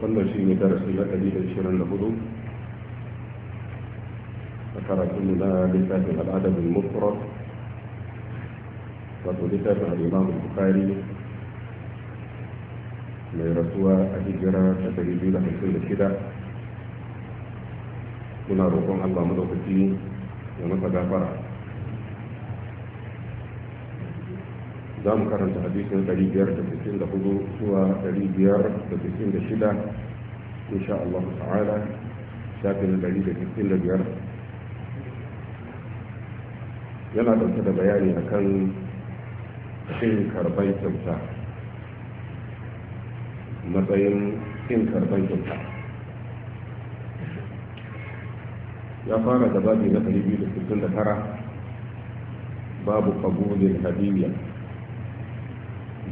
wannan shi ne darasi na ɗari da ishirin da hudu a karatun na littafin al'adabin mufrad wato littafin al'imam bukari mai rasuwa a hijira ta ɗari biyu da hamsin da shida muna roƙon allah madaukaki ya masa gafara za mu karanta hadisin 564 zuwa 566 insha Allah ta'ala shafin 565 yana ɗauke da bayani akan cin karban kyauta matsayin cin karban kyauta ya fara da babi na 269 babu kabulin hadiyya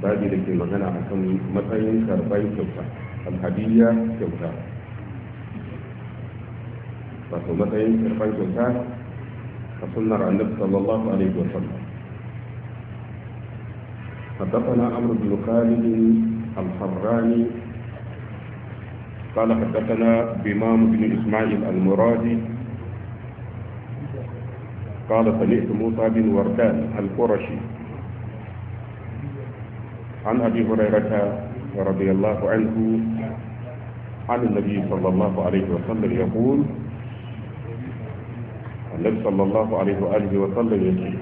babi da ke magana a kan matsayin karɓar kyauta alhadiyya kyauta wato matsayin karɓar kyauta a sunnar annabi sallallahu alaihi wasallam حدثنا عمرو بن خالد الحراني قال حدثنا بمام بن اسماعيل المرادي قال سمعت موسى بن وردان القرشي عن أبي هريرة رضي الله عنه عن النبي صلى الله عليه وسلم يقول النبي صلى الله عليه وآله وسلم يقول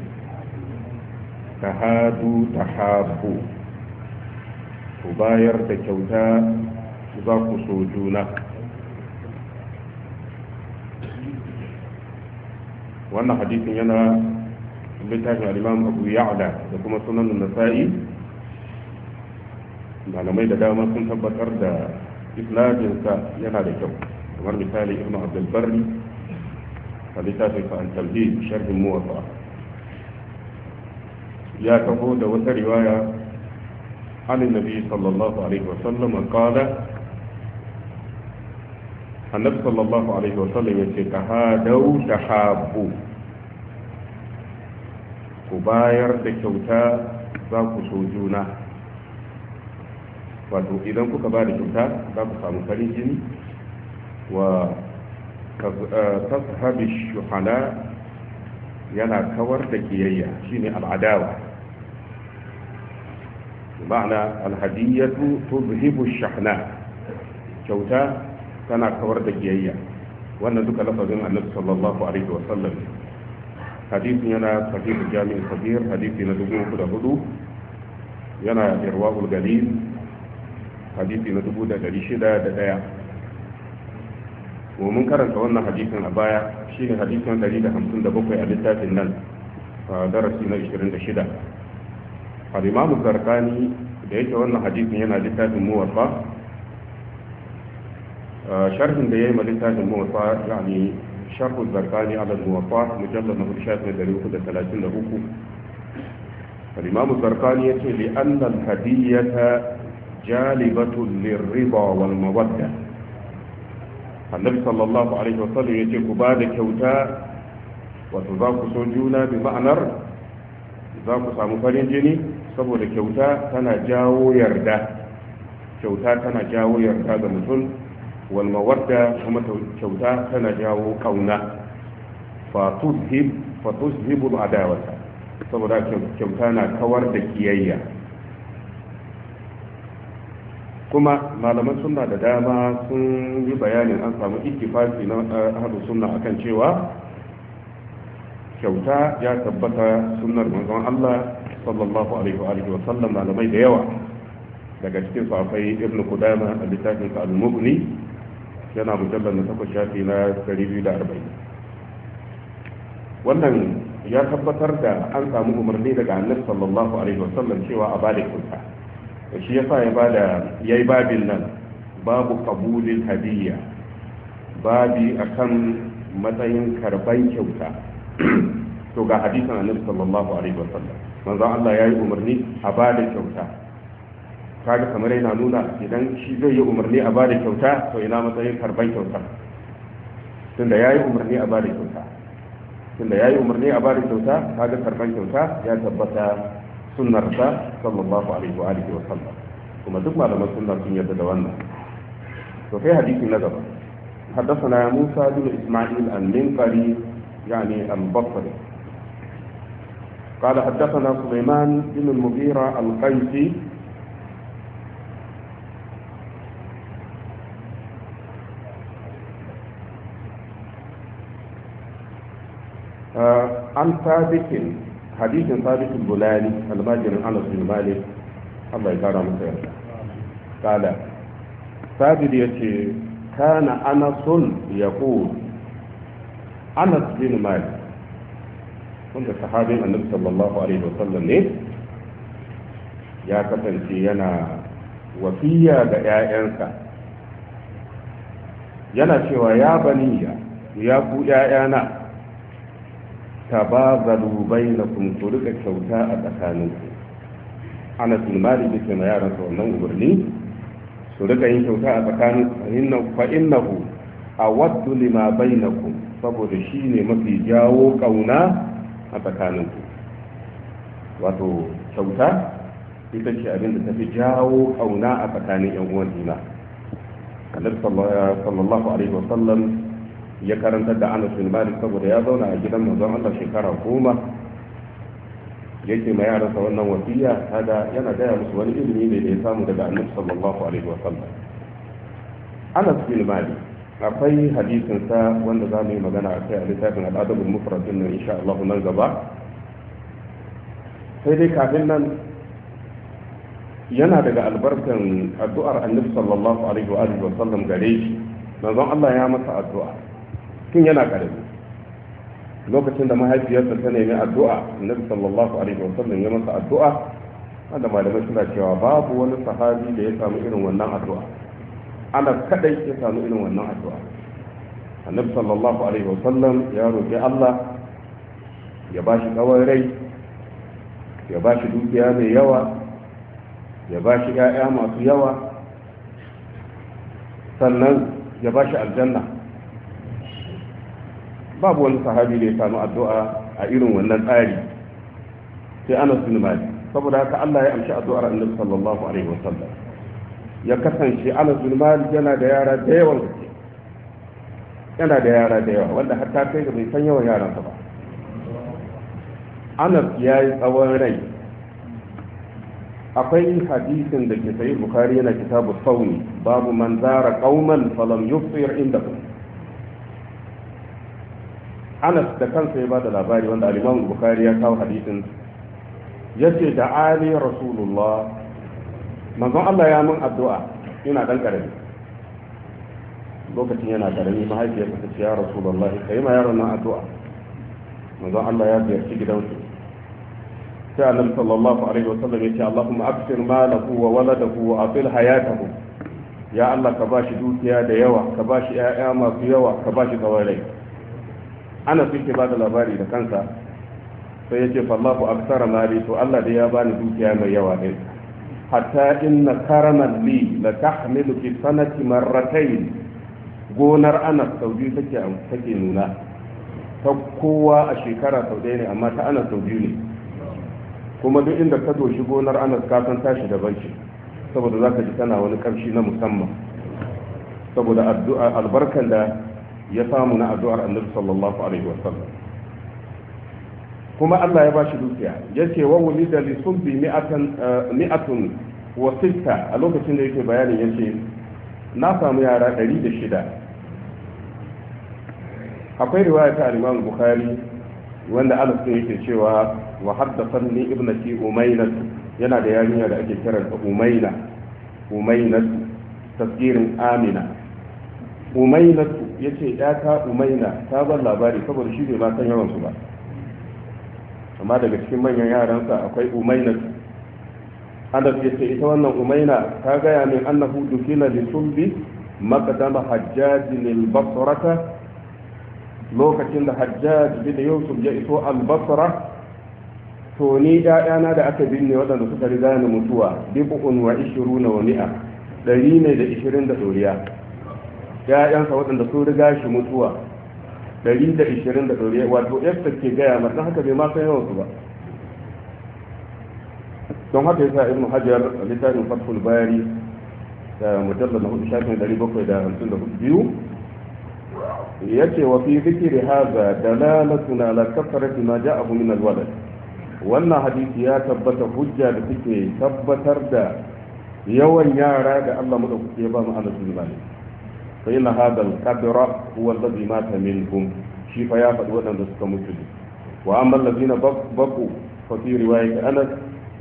تهادوا تحابوا تباير تكوتا تضاق سوجونا wannan hadisin yana littafin al'imam abu ya'la da kuma sunan nasa'i malamai da dama sun tabbatar da isnadinsa yana da kyau kamar misali ibnu ibn abdulbarri a littafin fa'an talbi sharhin muwafa ya taho da wata riwaya عن النبي صلى الله عليه وسلم قال النبي صلى الله عليه وسلم يتهادوا تحابوا كباير تكوتا ذاك سوجونا wato idan kuka ba da kyauta za ku samu farin jini wa tashabi shuhala yana kawar da kiyayya shine al'adawa ma'ana alhadiyatu Zuhibu shahna kyauta tana kawar da kiyayya wannan duka lafazin annabi sallallahu alaihi wa sallam hadisin yana sahih jami'in kabir hadisi na 3400 yana irwaul galil hadisi na dubu da dari shida da ɗaya mun karanta wannan hadisin a baya shi ne hadisin dari da hamsin da bakwai a littafin nan a darasi na ishirin da shida al'imamu zarkani da yake wannan hadisin yana littafin muwafa sharhin da ya yi ma littafin ya yani sharhu zarkani ala muwafa mujallar na shafin dari uku da talatin da uku al'imamu zarkani ya ce li'annan hadiyyata jalibatun lirriba wal mawadda annabi sallallahu alaihi wasallam yace ku ba da kyauta wato za ku so juna bi ma'anar za ku samu farin jini saboda kyauta tana jawo yarda kyauta tana jawo yarda ga mutum wal mawadda kuma kyauta tana jawo kauna fatuzhib fatuzhibul adawata saboda kyauta na kawar da kiyayya kuma malaman sunna da dama sun yi bayanin an samu ittifaki na eh, ahlus sunna akan cewa kyauta ya tabbata sunnar manzon Allah sallallahu alaihi wa alihi wa sallam malamai da yawa daga cikin su akwai ibn Qudama a littafin sa al-Mughni yana mujallal na takwas shafi na 240 wannan ya tabbatar da an samu umarni daga annabi sallallahu alaihi wa sallam cewa a bada kyauta shi da ya yi babin nan babu kabulin hadiyya babi akan matsayin karban kyauta to ga hadisan annabi sallallahu alaihi wasallam manzo Allah yi umarni a bada kyauta kaga kamar yana nuna idan shi zai yi umarni a bada kyauta to ina matsayin karban kyauta tunda yi umarni a bada kyauta tunda yi umarni a bada kyauta kaga karban kyauta ya tabbata sunnar ta sallallahu alaihi wa alihi wa sallam kuma duk malaman sunna sun yarda da wannan to sai hadisi na gaba حدثنا موسى بن إسماعيل المنقري يعني البصري قال حدثنا سليمان بن المغيرة القيسي عن ثابت hadisin sabitul bulali almajirin anas bin malik Allah ya kara masa yarda kala sabit yace kana anasun yaqul anas bin malik wanda sahabin annabi sallallahu alaihi wasallam ne ya kasance yana wasiya ga 'ya'yansa yana cewa ya baniya ya ku 'ya'yana tabazalu bainakum ku rika kyauta a tsakaninku ana Mali da ke na yaran sa wannan umarni su rika yin kyauta a tsakaninku fa innahu awaddu lima bainakum saboda shi ne mafi jawo kauna a tsakaninku wato kyauta ita ce abin da ta fi jawo kauna a tsakanin yan uwan juna annabi sallallahu alaihi wasallam ya karantar da anas bin malik saboda ya zauna a gidan manzon allah shekara goma yake ma yaransa wannan wasiya kaga yana gaya musu wani ilimi ne da ya samu daga annabi sallallahu alaihi wa sallam anas bin malik akwai hadisin sa wanda za mu yi magana a kai a littafin al'adabul mufrad din nan insha Allah nan gaba sai dai kafin nan yana daga albarkan addu'ar annabi sallallahu alaihi wa sallam gare shi manzon Allah ya masa addu'a tun yana karami lokacin da mahaifiyarsa ta nemi addu'a annabi sallallahu alaihi wasallam ya masa addu'a wanda malamai suna cewa babu wani sahabi da ya samu irin wannan addu'a ana kadai ya samu irin wannan addu'a annabi sallallahu alaihi wasallam ya roƙi Allah ya ba shi tsawon rai ya ba shi dukiya mai yawa ya ba shi 'ya'ya masu yawa sannan ya ba shi aljanna babu wani sahabi da ya samu addu'a a irin wannan tsari sai anas bin malik saboda haka Allah ya amshi addu'ar annabi sallallahu alaihi wa sallam ya kasance anas bin malik yana da yara da yawa, yana da yara da yawa wanda har ta kai da bai san yawan yaransa ba anas ya yi tsawon rai akwai hadisin da ke sayi bukari yana kitabu sauni babu man zara qauman falam yufsir indahum anas da kansa ya bada labari wanda al bukari ya kawo hadisin Ya ce da ali rasulullah manzon Allah ya min addu'a ina dan karami lokacin yana karami mahaifiyarsa ta ce ya rasulullah kai ma yaron nan addu'a manzon Allah ya ziyarci gidansu sai annabi sallallahu alaihi wasallam yace Allahumma akthir malahu wa waladahu wa atil hayatahu ya Allah ka bashi dukiya da yawa ka bashi 'ya'ya masu yawa ka bashi tsawon rai ana sun ba da labari da kansa sai ya ce fallahu aksara mali to Allah da ya bani dukiya mai yawa ne. hatta inna karaman li la tahmilu fi sanati marratayn gonar ana saudi take take nuna ta kowa a shekara sau ɗaya ne amma ta ana sau ne kuma duk inda ka doshi gonar ana kasan tashi da banci saboda za ka ji tana wani kamshi na musamman saboda addu'a albarkan da ya samu na addu'ar annabi sallallahu alaihi sallam, kuma Allah ya ba shi dukiya ya ce wa wulida li sulbi eh, mi'atun wa sitta a lokacin da yake bayanin ya ce na samu yara ɗari da shida akwai riwaya ta al-Imam Bukhari wanda Anas ɗin yake cewa wa ni ibnati Umayna yana da yarinya da ake kiranta Umayna Umayna tasgirin Amina umainatu ya ce ta umaina ta ban labari saboda shi bai ma san yawansu ba amma daga cikin manyan yaransa akwai umainatu anas ya ce ita wannan umaina ta gaya min annahu dukila li sulbi maqdama hajjaj lil basrata lokacin da hajjaj bin yusuf ya iso al basra to ni yana da aka binne waɗanda suka riga ni mutuwa bib'un wa ishiruna wa mi'a ɗari ne da ishirin da doriya ya'yansa waɗanda sun riga shi mutuwa ɗari da ishirin da wato yadda ke gaya masa haka bai ma san yawansu ba don haka yasa ibnu hajar a littafin fatful bayani da mujallar na hudu shafin ɗari bakwai da hamsin da hudu biyu ya ce wa fi zikiri haza na lakasar fi ma ja'ahu min alwalad wannan hadisi ya tabbata hujja da suke tabbatar da yawan yara da Allah madaukake ya ba mu anas bin malik fa inna hadha al-kabira huwa alladhi mata minhum shi fa ya faɗi waɗanda suka mutu ne wa amma allazina baku fa fi riwayat anas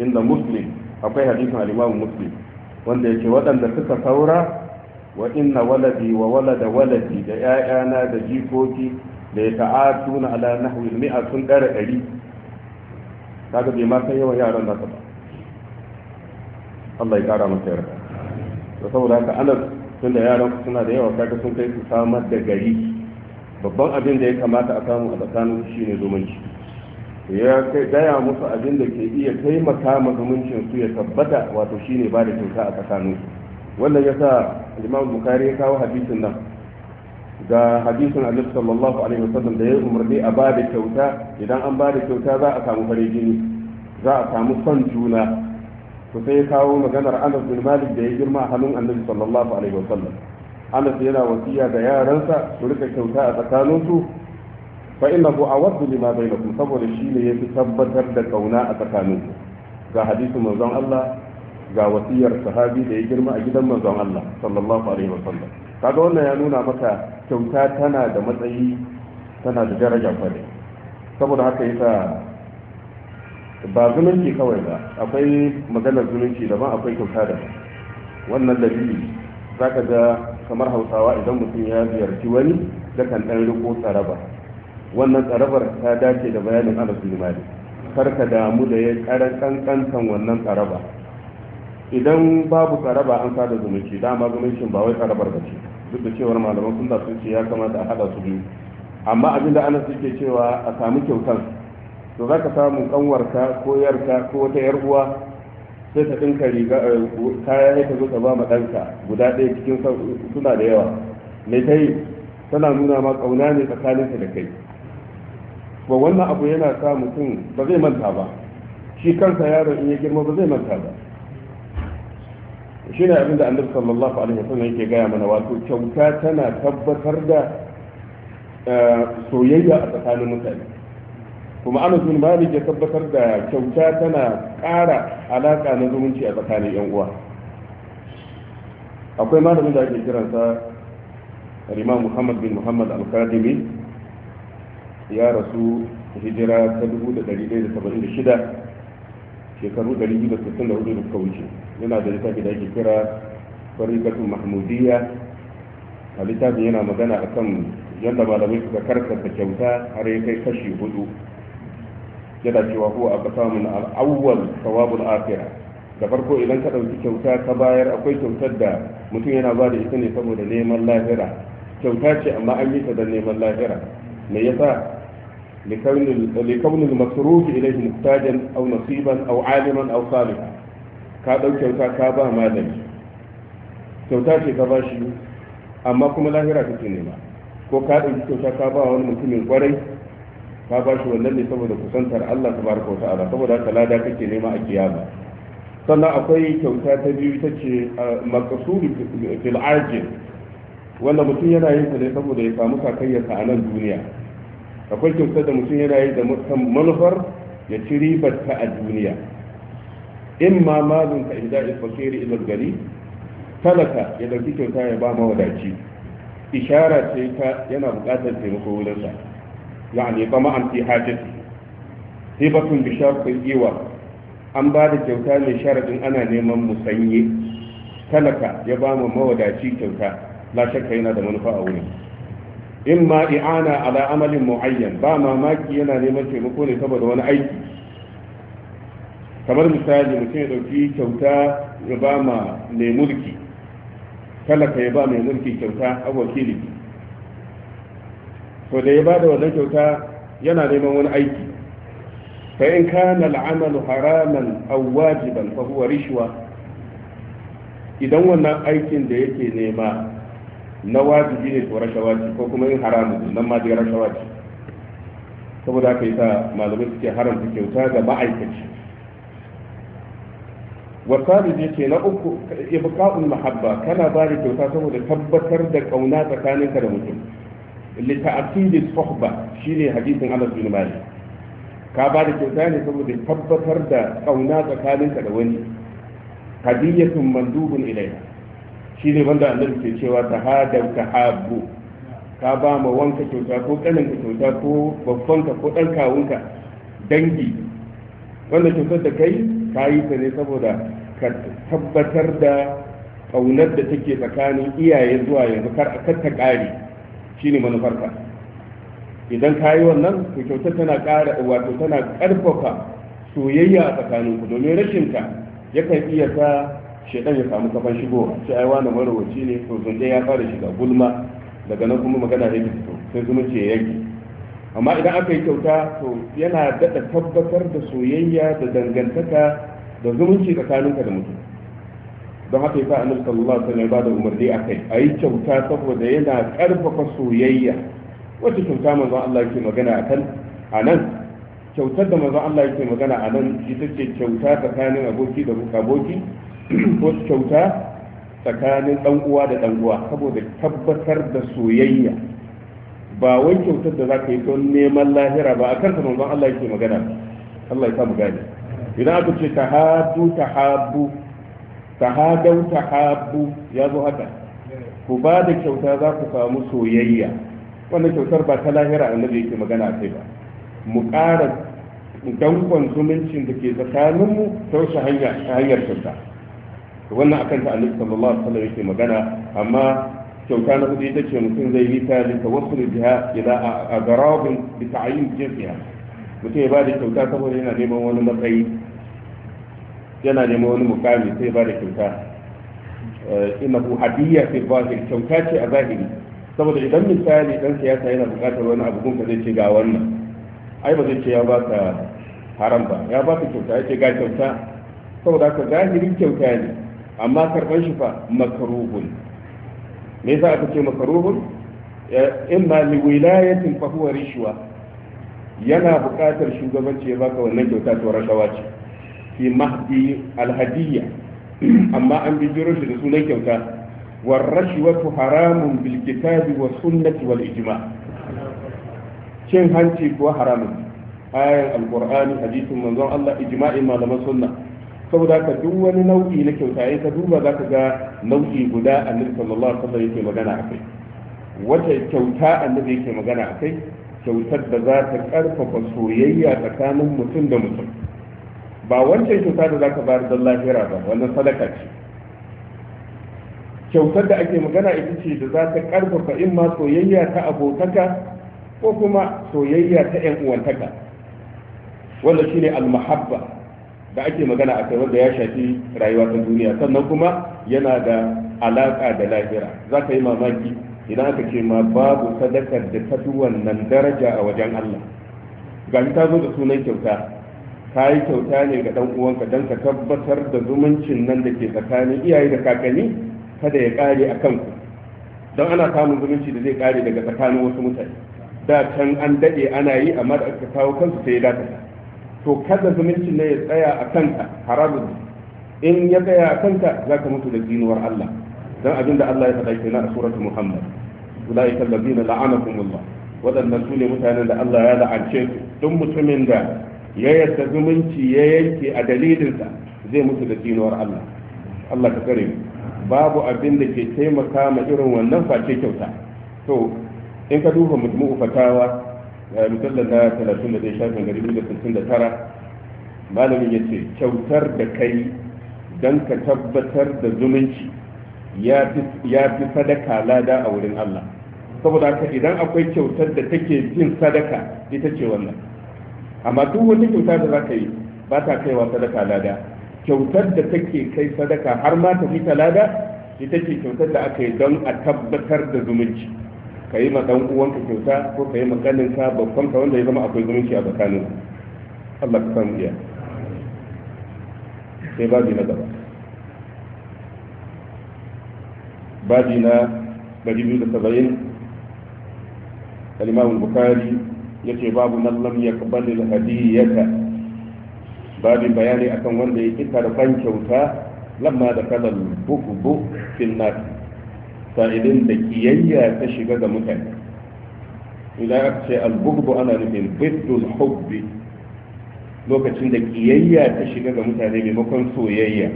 inda muslim akwai hadisin al-imam muslim wanda ce waɗanda suka saura wa inna waladi wa walada waladi da 'ya'yana da jikoki da ya ta'atuna ala nahwi mi'a sun ɗara ɗari kaga bai ma san yawan yaran saboda haka tunda yaran suna da yawa kaga sun kai su samar da gari babban abin da ya kamata a samu a tsakanin su shine zumunci ya kai gaya musu abin da ke iya taimaka ma zumuncin su ya tabbata wato shine ba da kyauta a tsakanin su wannan yasa Imam Bukhari ya kawo hadisin nan ga hadisin Annabi sallallahu alaihi wasallam da ya umarni a ba da kyauta idan an ba da kyauta za a samu farin jini za a samu son juna Susa sai ya kawo maganar anas bin malik da ya girma a hannun annabi sallallahu alaihi wasallam anas yana wasiya da yaransa su rika kyauta a tsakaninsu fa hu awaddu lima bainakum saboda ne yafi tabbatar da kauna a tsakaninku ga hadisi manzon Allah ga wasiyar sahabi da ya girma a gidan manzon Allah sallallahu alaihi wasallam kaga wannan ya nuna maka kyauta tana da matsayi tana da daraja kwarai saboda haka yasa ba zumunci kawai ba akwai maganar zumunci daban akwai kyauta daban wannan dalili za ka ga kamar hausawa idan mutum ya ziyarci wani da kan ɗan riko tsaraba wannan tsarabar ta dace da bayanin ana bin kar ka damu da ya karan kankantan wannan tsaraba idan babu tsaraba an sada zumunci dama zumuncin ba wai tsarabar ba ce duk da cewar malaman sun ce ya kamata a hada su biyu amma abinda ana suke cewa a samu kyautan to za ka samu kanwarka ko yarka ko wata yar uwa sai ta ɗinka riga eh, kaya ya ta zo ta ba ma ɗanka guda ɗaya cikin suna da yawa me ta yi tana nuna ma ƙauna ne ta da kai ba wannan abu yana sa mutum ba zai manta ba shi kansa yaron in ya girma ba zai manta ba shi ne abin da annabi sallallahu alaihi wasallam yake gaya mana wato kyauta tana tabbatar da eh, soyayya a tsakanin mutane kuma anas bin malik ya tabbatar da kyauta tana ƙara alaƙa na zumunci a tsakanin yan uwa akwai malamin da ake kiransa rima muhammad bin muhammad al-kadimi ya rasu hijira ta 1176 shekaru 264 da suka wuce yana da littafi da ake kira farikatun mahmudiyya a littafin yana magana akan yadda malamai suka karkata kyauta har ya kai kashi hudu yana cewa huwa aqsamun al al'awwal sawabul akhirah da farko idan ka dauki kyauta ka bayar akwai kyautar da mutum yana ba da ita ne saboda neman lahira kyauta ce amma an yi ta da neman lahira me yasa nasiban المصروف إليه محتاجا أو نصيبا أو عالما أو صالحا كادو كيوتا كابا مالي كيوتا شي كباشي أما كما لاهرة كتنما ko ka ɗauki kyauta ka ba wani mutumin kwarai ka ba shi wannan ne saboda kusantar Allah tabaraka wa ta'ala saboda haka lada kake nema a kiyama sannan akwai kyauta ta biyu ta ce maqsuru fil ajil wanda mutum yana yin ta ne saboda ya samu sakayyarsa a nan duniya akwai kyautar da mutum yana yi da manufar ya ci ribar ta a duniya in ma malin ka ihda il fakiri ila gari talaka ya dauki kyauta ya ba mawadaci ishara ce ta yana bukatar taimako wurinsa يعني طمعا في حاجته هبة بشرط الإيوة an ba da kyauta mai sharaɗin ana neman musanye talaka ya ba mu mawadaci kyauta la shakka yana da manufa a wurin in ma i'ana ala amalin mu'ayyan ba mamaki yana neman taimako ne saboda wani aiki kamar misali mutum ya ɗauki kyauta ya ba ma mai mulki talaka ya ba mai mulki kyauta a to da ya bada wannan kyauta yana neman wani aiki fa in kana al'amalu haraman aw wajiban fa huwa rishwa idan wannan aikin da yake nema na wajibi ne to rashawa ce ko kuma in haramu nan ma dai rashawa ce saboda haka yasa malamai suke haramta kyauta ga ma'aikaci wasali ne ke na uku ibqa'ul mahabba kana da kyauta saboda tabbatar da kauna tsakaninka da mutum lita'atidi shi ne hadisin Anas bin Malik ka ba da kyauta ne saboda tabbatar da kauna tsakaninka da wani hadiyatun mandubun ilayha shine wanda annabi ke cewa tahadaw tahabbu ka ba ma wanka kyauta ko kaninka kyauta ko babbanka ko dan kawunka dangi wanda kyautar da kai ka yi ta ne saboda ka tabbatar da kaunar da take tsakanin iyaye zuwa yanzu kar a ta ƙare shine manufarka idan ka wannan to kyauta tana ƙara wato tana ƙarfafa soyayya a tsakaninku domin rashin ka yakan iya sa shaidan ya samu kafan shigo. sai ai wani marowaci ne to zunde ya fara shiga gulma daga nan kuma magana ya fito sai zumunci ya yake. amma idan aka yi kyauta to yana daɗa tabbatar da soyayya da dangantaka da zumunci tsakaninka da mutum don haka yasa annabi sallallahu alaihi wasallam ya bada umarni akai ayi kyauta saboda yana karfafa soyayya wacce kyauta manzo Allah yake magana akan anan kyautar da manzo Allah yake magana a nan ita ce kyauta tsakanin aboki da aboki ko kyauta tsakanin dan uwa da dan uwa saboda tabbatar da soyayya ba wai kyautar da zaka yi don neman lahira ba akan ta manzo Allah yake magana Allah ya samu gane idan aka ce tahadu tahabu tahadau tahabbu ya zo haka ku ba da kyauta za ku samu soyayya wannan kyautar ba ta lahira annabi yake magana a kai ba mu ƙara dankon zumuncin da ke tsakaninmu ta wasu hanyar kyauta wannan akan ta annabi sallallahu alaihi wasallam yake magana amma kyauta na kudi ita ce mutum zai yi ta da tawassul biha ila agrabin bi ta'yin jinsiha mutum ya ba da kyauta saboda yana neman wani matsayi yana neman wani mukami sai ba da kyauta eh, innahu hadiyya fi zahir kyauta ce a zahiri saboda idan misali dan siyasa yana buƙatar wani abu kun ka zai ce ga wannan ai ba zai ce ya ba ka haram ba ya ba ka kyauta ya ce ga kyauta saboda haka zahiri kyauta ne amma karban shi fa makruhun me yasa aka ce makaruhun eh, imma li wilayatin fa huwa rishwa yana buƙatar shugabanci ya baka wannan kyauta to rashawa ce fi mahdi alhadiyya amma an bijiro shi da sunan kyauta war rashwatu haramun bil kitabi sunnati wal cin hanci ko haramun ayan alqur'ani hadisin manzon Allah ijma'in malaman sunna saboda ka duk wani nau'i na kyauta in ka duba za ka ga nau'i guda annabi sallallahu alaihi wasallam yake magana akai wata kyauta annabi yake magana akai kyautar da za ta karfafa soyayya tsakanin mutum da mutum ba wancan kyauta da za zaka bayar don lahira ba wannan sadaka ce kyautar da ake magana ita ce da za ta karfafa in ma soyayya ta abotaka ko kuma soyayya ta yan uwantaka wanda shine almahabba da ake magana a kai wanda ya shafi rayuwa ta duniya sannan kuma yana da alaka da lahira za ka yi mamaki idan aka ce ma babu sadakar da ta fi wannan daraja a wajen Allah ga ta zo da sunan kyauta ka yi kyauta ne ga dan uwanka don ka tabbatar da zumuncin nan da ke tsakanin iyaye da kakanni kada ya kare a kanku don ana samun zumunci da zai kare daga tsakanin wasu mutane da can an daɗe ana yi amma da aka kawo kansu sai ya dace to kada zumuncin ne ya tsaya a kanka haramun in ya tsaya a kanka za ka mutu da zinuwar Allah don abin da Allah ya faɗa kenan a suratu Muhammad ulaika allazina la'anakumullah wadannan su ne mutanen da Allah ya la'ance su duk mutumin da ya yarda zumunci ya yanke a dalilinsa zai mutu da tinuwar Allah Allah ka kare babu abin da ke taimaka ma irin wannan face kyauta to in ka duba mutum fatawa eh, da na zai shafin tara malamin ya ce kyautar da kai don ka tabbatar da zumunci ya fi sadaka lada a wurin Allah saboda haka idan akwai kyautar da take jin sadaka ita ce wannan amma duk wata kyauta da za ka yi ba ta kaiwa sadaka lada kyautar da take kai sadaka har ma ta fita lada ita ce kyautar da aka yi don a tabbatar da zumunci ka yi ma dan uwanka kyauta ko ka yi ma ƙaninka babban ka wanda ya zama akwai zumunci a tsakanin Allah ka san iya sai babi na gaba babi na 270 al-Imam yace babu nan lam yaqbalil Hadiyyata. babu bayani akan wanda ya yake karban kyauta lamma da kalal bukubu fil nar sa'idin da kiyayya ta shiga ga mutane idan aka ce al bukubu ana nufin biddul hubbi lokacin da kiyayya ta shiga ga mutane maimakon soyayya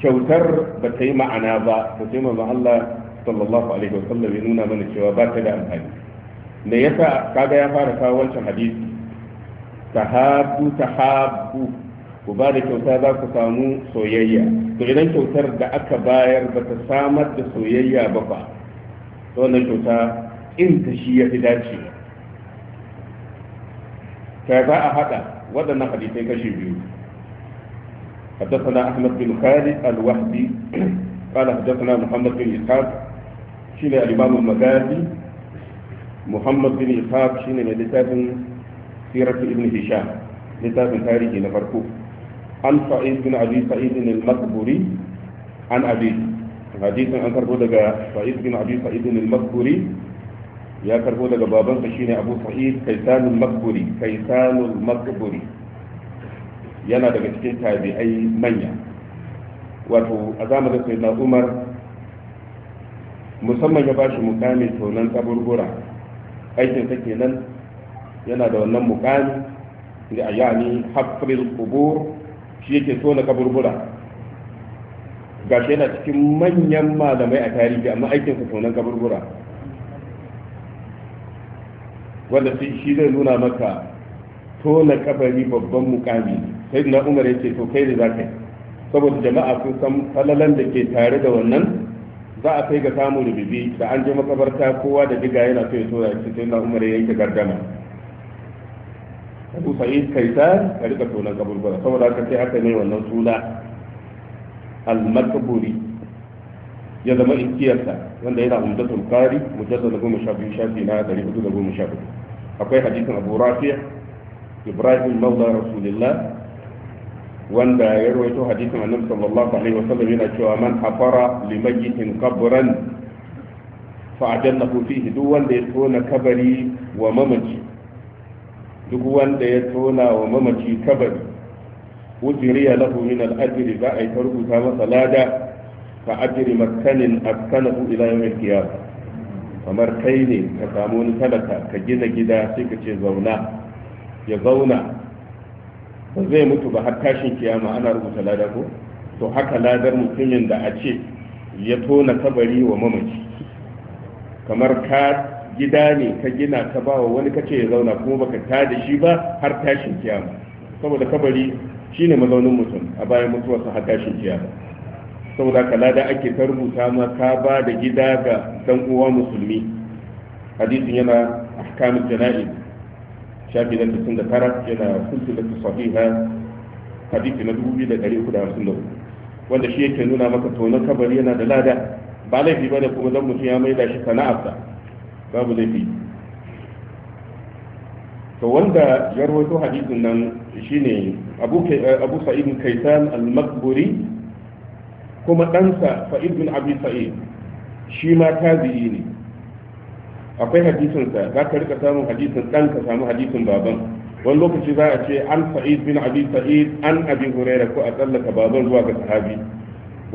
kyautar ba ta yi ma'ana ba ba ta yi ma'ana Allah sallallahu alaihi wasallam ya nuna mana cewa ba ta da amfani me yasa kaga ya fara kawo wancan hadisi tahabu tahabu ku ba da kyauta za ku samu soyayya to idan kyautar da aka bayar ba ta samar da soyayya ba ba to wannan kyauta in ta shi ya fi dace ta za a haɗa waɗannan hadisai kashi biyu حدثنا أحمد بن خالد الوهبي قال حدثنا محمد بن إسحاق شيل الإمام المغازي muhammad bin shi ne mai littafin siratu ibn hisham littafin tarihi na farko an sa'id bin abi sa'id al Makburi an abi hadisin an karbo daga sa'id bin abi sa'id al Makburi ya karbo daga babansa shine abu sa'id kaisanul makburi kaisanul makburi yana daga cikin tabi'ai manya wato a zamanin sai umar musamman ya bashi mukamin tonan kaburbura aikin ta kenan yana da wannan mukami da yani hafril kubur shi yake tona kaburbura ga shi yana cikin manyan malamai a tarihi amma aikin sa tonan kaburbura wanda shi zai nuna maka tona kabari babban mukami sai na umar yake to kai ne za ka yi saboda jama'a sun san falalan da ke tare da wannan za a kai ga samu rububi da an je makabarta kowa da diga yana so ya so ya ce sai na umar ya yanke gardama abu sa'id kaita ka rika tonan kaburbura saboda haka sai aka mai wannan suna al-makaburi ya zama iskiyarsa wanda yana umdatul qari mujaddad goma sha biyu shafi na dari hudu da goma sha biyu akwai hadisin abu rafiya ibrahim maula rasulillah wanda ya rawaito hadisin annabi sallallahu alaihi wasallam yana cewa man hafara limayyitin qabran fa ajannahu fihi duk wanda ya tona kabari wa mamaci duk wanda ya tona wa mamaci kabari ujriya lahu min al-ajri za a yi ta rubuta masa lada ka ajri makanin askanahu ila yawm al-qiyamah kamar kai ne ka samu wani talaka ka gina gida sai ka ce zauna ya zauna ba zai mutu ba har tashin kiyama ana rubuta lada ko to haka ladar mutumin da a ce ya tona kabari wa mamaci kamar ka gida ne ka gina ka ba wa wani kace ya zauna kuma baka ta da shi ba har tashin kiyama saboda kabari shine mazaunin mutum a bayan mutuwarsa har tashin kiyama saboda ka lada ake ta rubuta ma ka ba da gida ga dan uwa musulmi hadisin yana ahkamul janaiz shafi na 69 yana sulsulatu sahiha hadisi na 2353 wanda shi yake nuna maka tonon kabari yana da lada ba laifi ba da kuma zan mutum ya maida shi sana'arsa babu laifi to wanda ya rawaito hadisin nan shine abu sa'id kaisan al-makburi kuma ɗansa fa'id bin abi sa'id shi ma tabi'i ne akwai hadisin sa za ka rika samun hadisin dan ka samu hadisin baban wani lokaci za a ce an sa'id bin abi sa'id an abi huraira ko a tsallaka baban zuwa ga sahabi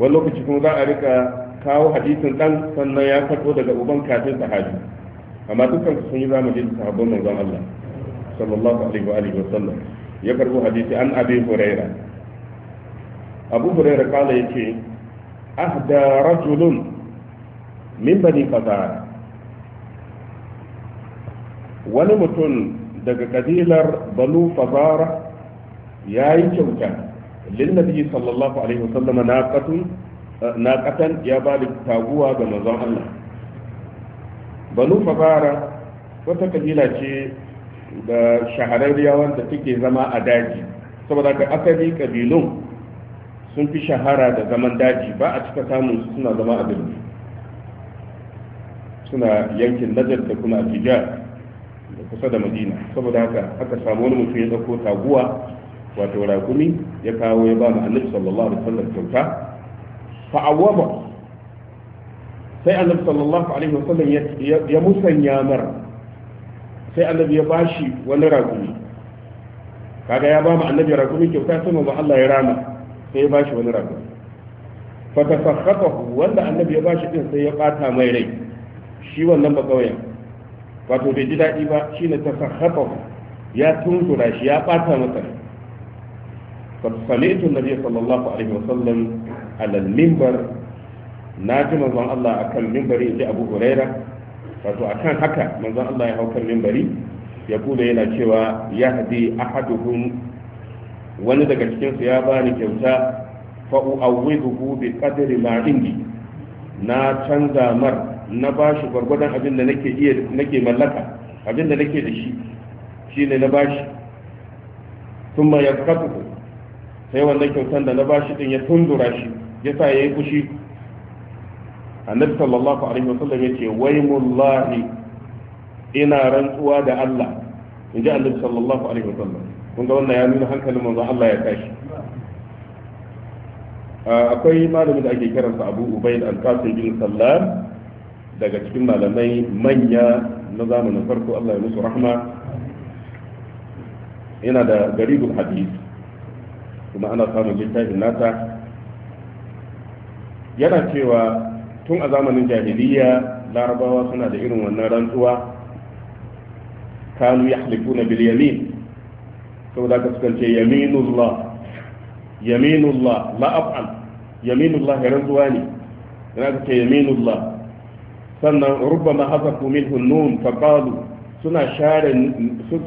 wani lokaci kuma za a rika kawo hadisin dan sannan ya fito daga uban kafin sahabi amma dukkan sun yi zamani da sahabban manzon Allah sallallahu alaihi wa alihi wa sallam ya karbo hadisi an abi huraira abu huraira kala yace ahda rajulun min bani qadar wani mutum daga kabilar banu fazara ya yi kyauta linnabi sallallahu alaihi wasallama na katan ya ba da taguwa ga manzon Allah banu fazara wata kabila ce da shahararriya wanda take zama a daji saboda ka asali kabilun sun fi shahara da zaman daji ba a cika samun suna zama a birni suna yankin najar da kuma a kusa da madina saboda haka aka samu wani mutum ya dauko taguwa wato rakumi ya kawo ya ba mu annabi sallallahu alaihi wasallam kyauta fa awwaba sai annabi sallallahu alaihi wasallam ya musanya mar sai annabi ya bashi wani rakumi kaga ya ba mu annabi rakumi kyauta sai mu Allah ya rama sai ya bashi wani rakumi fa tasakhatahu wanda annabi ya bashi din sai ya bata mai rai shi wannan ba kauyen wato bai ji daɗi ba shine ta sahaba ya tunzura shi ya ɓata masa sami'tu nabi sallallahu alaihi wa sallam, ala mimbar, na ji manzon Allah akan minbari inji Abu Huraira wato akan haka manzon Allah ya hau kan mimbari, ya kula yana cewa ya hadi ahaduhum wani daga cikinsu ya bani kyauta fa'u'awwiduhu bi qadri ma indi na canza mar na bashi gwargwadon abin da nake iya nake mallaka abin da nake da shi shi ne na bashi thumma yakatuhu sai wannan kyautan da na bashi din ya tundura shi yasa yi fushi annabi sallallahu alaihi wasallam wai waymullahi ina rantsuwa da Allah inji annabi sallallahu alaihi wasallam kun ga wannan ya nuna hankalin manzo Allah ya tashi ah, akwai malamin da ake kiransa Abu Ubayd al-Qasim bin Sallam daga cikin malamai manya na zamanin farko Allah ya musu rahma yana da garibul hadis kuma ana samun littafin nata yana cewa tun a zamanin jahiliya larabawa suna da irin wannan rantsuwa kanu yahlifuna bil yamin saboda ka suka ce yaminullah yaminullah la af'al yaminullah rantsuwa ne yana ka ce yaminullah sannan rubbama hazafu minhu nun fa suna share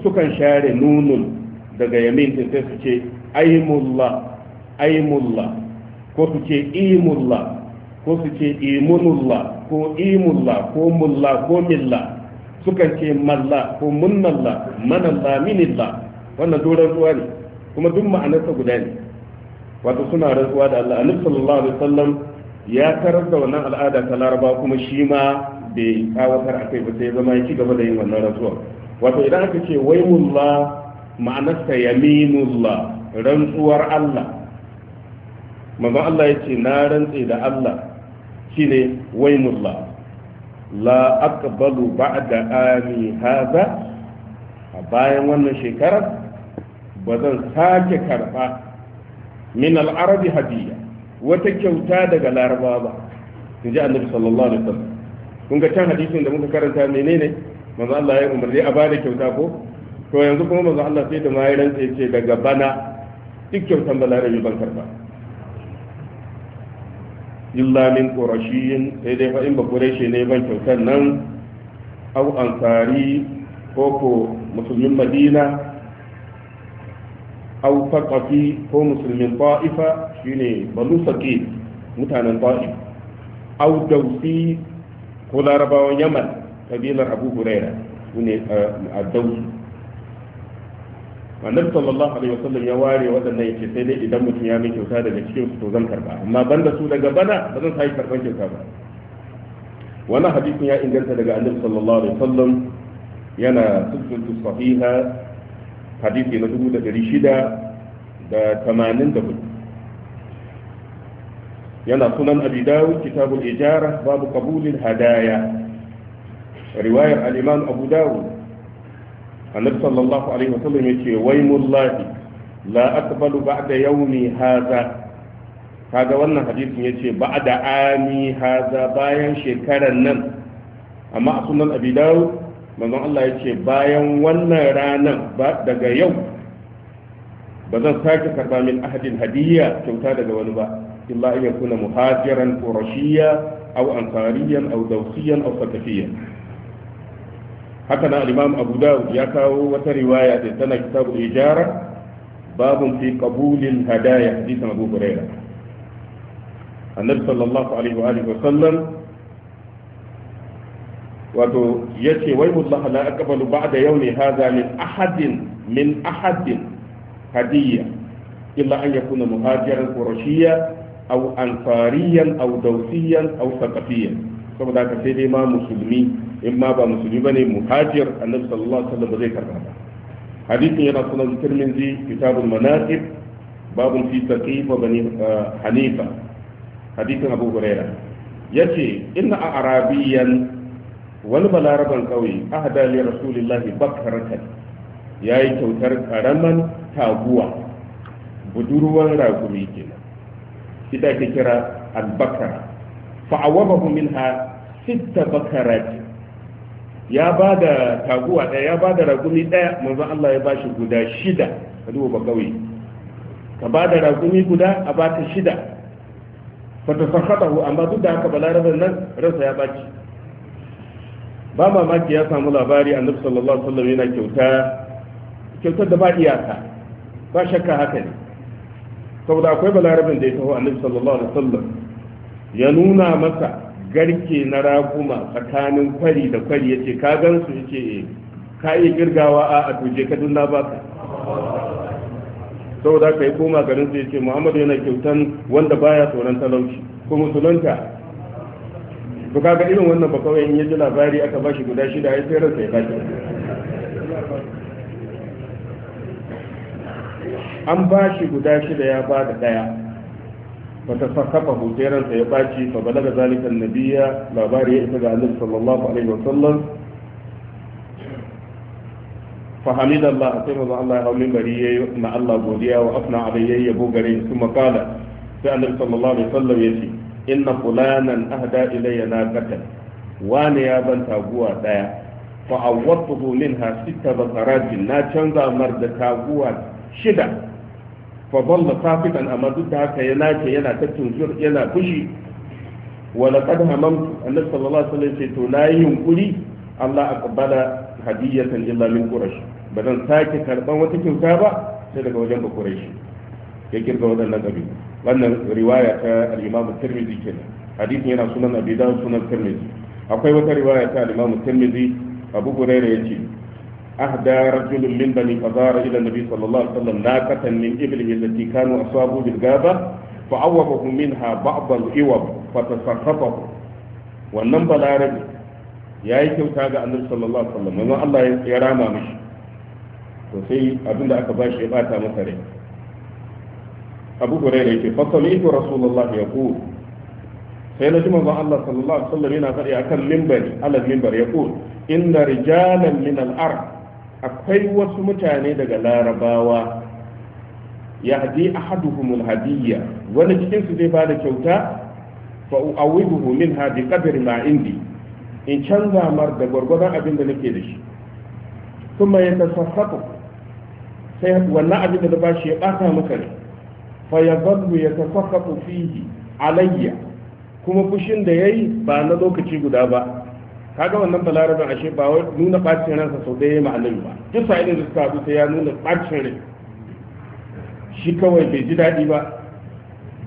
sukan share nunun daga yamin din sai su ce aimullah aimullah ko su ce imullah ko su ce imunullah ko imullah ko mullah ko milla sukan ce malla ko munnalla manallah minillah wannan doron ruwa ne kuma duk ma'anarsa guda ne wato suna rantsuwa da Allah annabi sallallahu alaihi wasallam ya karar da wannan al'ada ta laraba kuma shi ma bai kawatar a kai ba sai zama ya ci gaba da yin wannan rantsuwar wato idan aka ce waimullah ma'anarsa yaminullah rantsuwar Allah manzon Allah ya ce na rantse da Allah wai waimullah la aqbalu ba'da ami hadha a bayan wannan shekarar ba zan sake karba min al-arabi hadiyya wata kyauta daga larabawa ba in ji annabi sallallahu alaihi wasallam kun ga can hadisin da muka karanta menene manzo Allah ya umarni a bada kyauta ko to yanzu kuma manzo Allah sai da mai sai ce daga bana duk kyautan balarabi ban karba illa min qurashiyin sai dai fa in ba quraishi ne ban kyautan nan au ansari ko ko musulmin madina au faqati ko musulmin ta'ifa shine banu saqif mutanen ta'if au dausi ko larabawan yaman kabilar abu huraira sune eh, a dausi annabi sallallahu alaihi wasallam ya ware waɗannan yace sai dai idan mutum ya min kyauta daga cikin su to zan karba amma banda su daga bana ba zan sai karban kyauta ba wannan hadisin ya inganta daga annabi sallallahu alaihi wasallam yana sufatu sahiha hadisi na dubu da ɗari shida da tamanin da hudu yana sunan abi dawud kitabul ijara babu qabulil hadaya riwayar al-imam abu dawud annabi sallallahu alaihi wasallam yace waymullahi la aqbalu ba'da yawmi hadha kaga wannan hadisin yace ba'da ami hadha bayan shekaran nan amma a sunan abi dawud manzon Allah yace bayan wannan ranan daga yau ba zan sake karba min ahadin hadiyya kyauta daga wani ba إما أن يكون مهاجرا قرشيا أو أنصاريا أو دوسيا أو ثقفيا هكذا الإمام أبو داود يكاو وترواية سنة كتاب الإجارة باب في قبول الهدايا حديث أبو هريرة النبي صلى الله عليه وآله وسلم وتو ya ويم الله لا أقبل بعد يوم هذا من أحد من أحد هدية إلا أن يكون مهاجرا قرشيا au ansariyan au au saqafiyan saboda haka sai dai ma musulmi in ma ba musulmi bane muhajir annabi sallallahu alaihi wasallam zai karba ba hadisin yana sunan tirmidhi kitabul manaqib babun fi taqifa bani uh, hanifa hadisin abu huraira yace inna a arabiyan wani balaraban kauye ahada li rasulillahi bakaratan yayi kyautar karaman taguwa budurwan rakumi kenan shi ake kira albakara fa'awabahu minha Sita bakarati ya ba da taguwa ɗaya ya ba da ragumi ɗaya manzo Allah ya bashi guda shida ka duba ba ka ba da ragumi guda a ba ta shida fata sakatahu amma duk da haka balarabin nan ransa ya baci ba mamaki ya samu labari annabi sallallahu alaihi wasallam yana kyauta kyautar da ba iyaka ba shakka haka ne saboda akwai balarabin da ya taho annabi sallallahu alaihi wasallam ya nuna masa garke na raguma tsakanin kwari da kwari yace ka gansu yace eh ka yi girgawa a a tuje ka dunna ka saboda kai koma garin sai yace Muhammadu yana kyautan wanda baya tsoron talauci ko musulunta to kaga irin wannan ba kawai in ya ji labari aka bashi guda shida ai sai ransa ya bashi an ba shi guda shida ya ba da ɗaya wata sakafa hujjeransa ya ɓaci fa balaga zalikan nabiya labari ya isa ga annabi sallallahu alaihi wasallam fa hamidallah sai manzo Allah ya hauli bari yayi na Allah godiya wa afna alayya yabo gare shi kuma kala sai annabi sallallahu alaihi wasallam yace inna fulanan ahda ilayya naqatan wani ya ban taguwa daya fa awwatuhu minha sita basaratin na canza mar da taguwa shida fa dalla safitan amma duk da haka ya nace yana ta tunzur yana fushi wa laqad hamamtu annabi sallallahu ce to nayi yunkuri Allah aqbala hadiyatan illa min quraish bazan sake karban wata kyauta ba sai daga wajen ba quraish ya kirga wadannan kabilu wannan riwaya ta al-Imam kenan hadisin yana sunan sunan akwai wata riwaya ta al-Imam Tirmidhi yace أهدى رجل من بني فزار إلى النبي صلى الله عليه وسلم ناقة من إبله التي كانوا أصابوا بالغابة فعوضه منها بعض الإوب فتسخطه wannan ne? ya yi kyauta ga annabi sallallahu alaihi wasallam manzo Allah ya rama mishi to sai abinda aka bashi ya bata masa rai Abu Hurairah yake fa sami'tu Rasulullahi yaqul sai na ji manzon Allah sallallahu alaihi wasallam yana faɗi akan minbari alal minbar yaqul inna rijalan min al-ard akwai wasu mutane daga larabawa ya haɗe a haduhumul hadiyya wani cikinsu zai ba da kyauta fa u'awiduhu min hadi qadri ma indi in canza mar da gwargwadon abin da nake da shi kuma ya tasaffaku sai wannan abin da na bashi ya ɓata maka ne fa ya zallu ya tasaffaku fihi alayya kuma fushin da yayi ba na lokaci guda ba kaga wannan balarabin ashe ba wai nuna bacin ransa sau ɗaya ma annabi ba duk sa idan suka haɗu sai ya nuna bacin rai shi kawai bai ji daɗi ba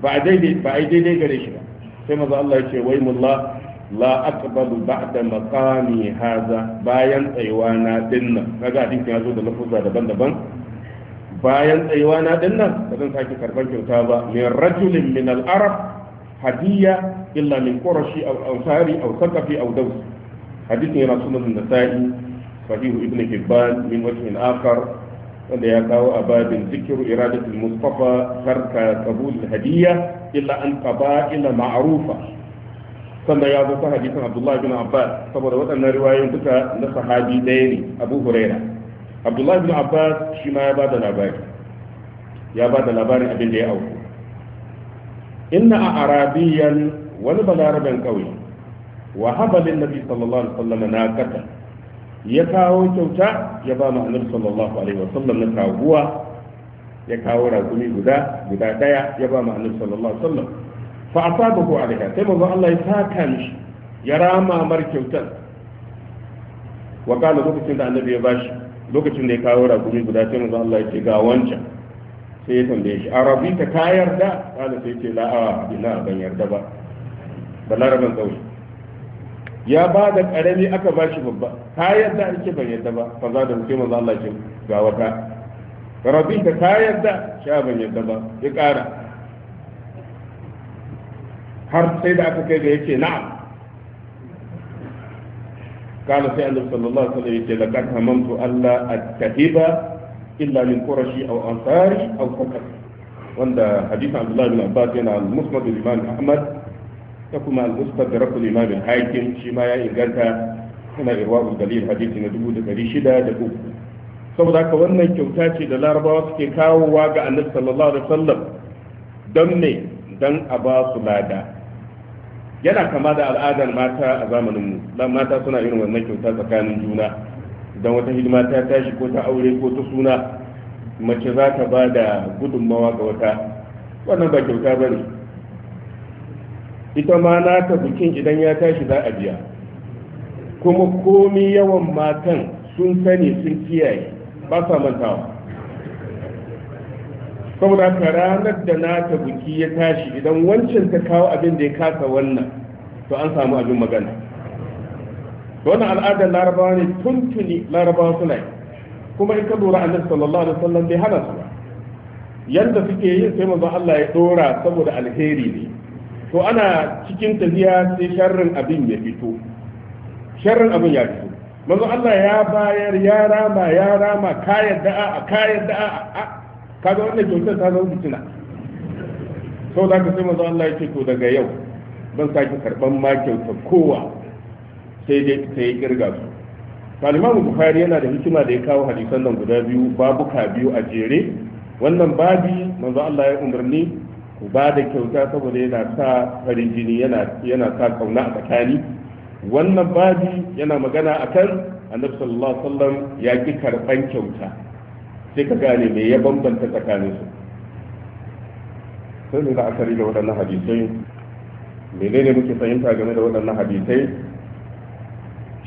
ba a daidai ba a daidai gare shi ba sai maza Allah ya ce wai mulla la aqbalu ba'da maqami haza bayan tsayuwa na dinnan kaga hadisin ya zo da lafuzza daban-daban bayan tsayuwa na dinnan ba zan sake karban kyauta ba min rajulin min al-arab hadiya illa min qurashi aw ansari aw saqafi aw dawsi hadisin yana sunan nasa'i sahihu ibn hibban min wajhin akhar wanda ya kawo a babin zikiru iradatul mustafa tarka qabul hadiyya illa an qaba'ila ma'rufa sannan ya zo ta hadisin abdullahi bin abbas saboda waɗannan riwayoyin duka na sahabi ɗaya ne abu huraira abdullahi bin abbas shi ma ya bada labari ya bada labarin abin da ya auku inna a arabiyan wani balaraben ƙauye wa haba lin nabi sallallahu alaihi wasallam kata ya kawo kyauta ya ba mu annabi sallallahu alaihi wasallam na taguwa ya kawo ragumi guda guda daya ya ba mu annabi sallallahu alaihi wasallam fa asabahu alaiha sai manzo Allah ya saka mishi ya rama mar kyautar wa kana lokacin da annabi ya bashi lokacin da ya kawo ragumi guda sai manzo Allah ya ce ga wancan sai ya tambaye shi arabi ta kayar yarda kana sai ce la'a a ina ban yarda ba balaraban kauye ya ba da ƙarami aka ba shi babba ta yadda an ban yadda ba fa za da muke maza Allah ce ga wata rabin ka ta yadda sha ban yadda ba ya kara har sai da aka kai ga yake na kana sai annabi sallallahu alaihi wasallam yake laqad hamantu Allah at-tahiba illa min qurashi aw ansari aw faqat wanda hadisi Abdullahi bin Abbas yana al-Muslim bin Ahmad ta kuma al-mustadrak al-imam al-hakim shi ma ya inganta yana irwaul dalil hadisi na uku saboda ka wannan kyauta ce da larabawa suke kawowa ga annabi sallallahu alaihi wasallam don ne don a ba su lada yana kama da al'adar mata a zamanin mu dan mata suna irin wannan kyauta tsakanin juna idan wata hidima ta tashi ko ta aure ko ta suna mace za ta ba da gudunmawa ga wata wannan ba kyauta ba ne ita ma naka bikin idan ya tashi za a biya kuma komi yawan matan sun sani sun kiyaye ba sa mantawa saboda ka ranar da naka biki ya tashi idan wancan ta kawo abin da ya kasa wannan to an samu abin magana wannan al'adar larabawa ne tuntuni larabawa suna yi kuma in ka lura nan sallallahu alaihi wasallam bai hana su ba yanda suke yin sai manzo Allah ya dora saboda alheri ne to ana cikin tafiya sai sharrin abin ya fito sharrin abin ya fito manzo Allah ya bayar ya rama ya rama a ka yadda a. Ka ga wannan kyautar ta zama fitina sau da sai manzo Allah ya ce to daga yau ban sake karban ma kyautar kowa sai dai ta yi kirga su Imam Bukhari yana da hikima da ya kawo hadisan nan guda biyu babuka biyu a jere wannan babi manzo Allah ya umarni ku ba da kyauta saboda yana sa farin jini yana sa kauna a tsakani wannan babi yana magana akan annabi sallallahu alaihi wasallam ya ki karban kyauta sai ka gane me ya bambanta tsakanin su sai da akari da waɗannan hadisai menene muke fahimta game da waɗannan hadisai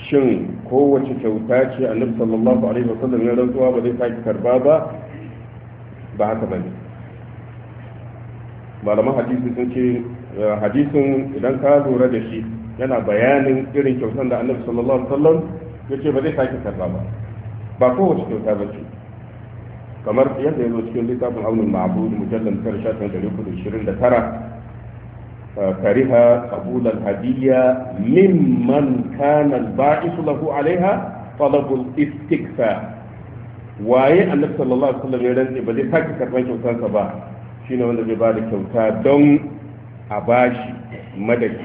shin kowace kyauta ce annabi sallallahu alaihi wasallam ya rantsuwa ba zai sake karba ba ba haka bane malaman hadisi sun ce eh, hadisin idan ka lura da shi yana bayanin irin kyautan da annabi sallallahu alaihi wasallam ya ce ba zai sake karba ba ba kowace kyauta ba ce kamar yadda ya zo cikin littafin aunin ma'abud mujallar tara shafin ɗari kudu shirin da tara tariha eh, qabulan hadiyya mimman kana al-ba'isu lahu alaiha talabul istikfa waye annabi sallallahu alaihi wasallam ya rantsi ba zai sake karban kyautansa ba shine wanda zai ba da kyauta don a bashi madadi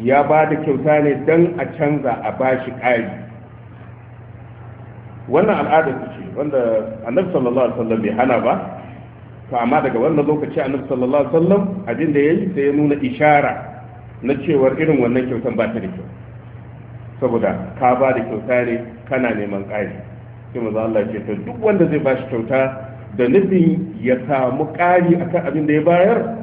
ya ba da kyauta ne don a canza a bashi ƙari wannan al'ada ce wanda annabi sallallahu alaihi wasallam bai hana ba to amma daga wannan lokaci annabi sallallahu alaihi wasallam abin da yayi sai ya nuna ishara na cewar irin wannan kyautan ba ta da kyau saboda ka ba da kyauta ne kana neman ƙari sai maza Allah ce to duk wanda zai bashi kyauta da nufin ya samu ƙari a kan abin da ya bayar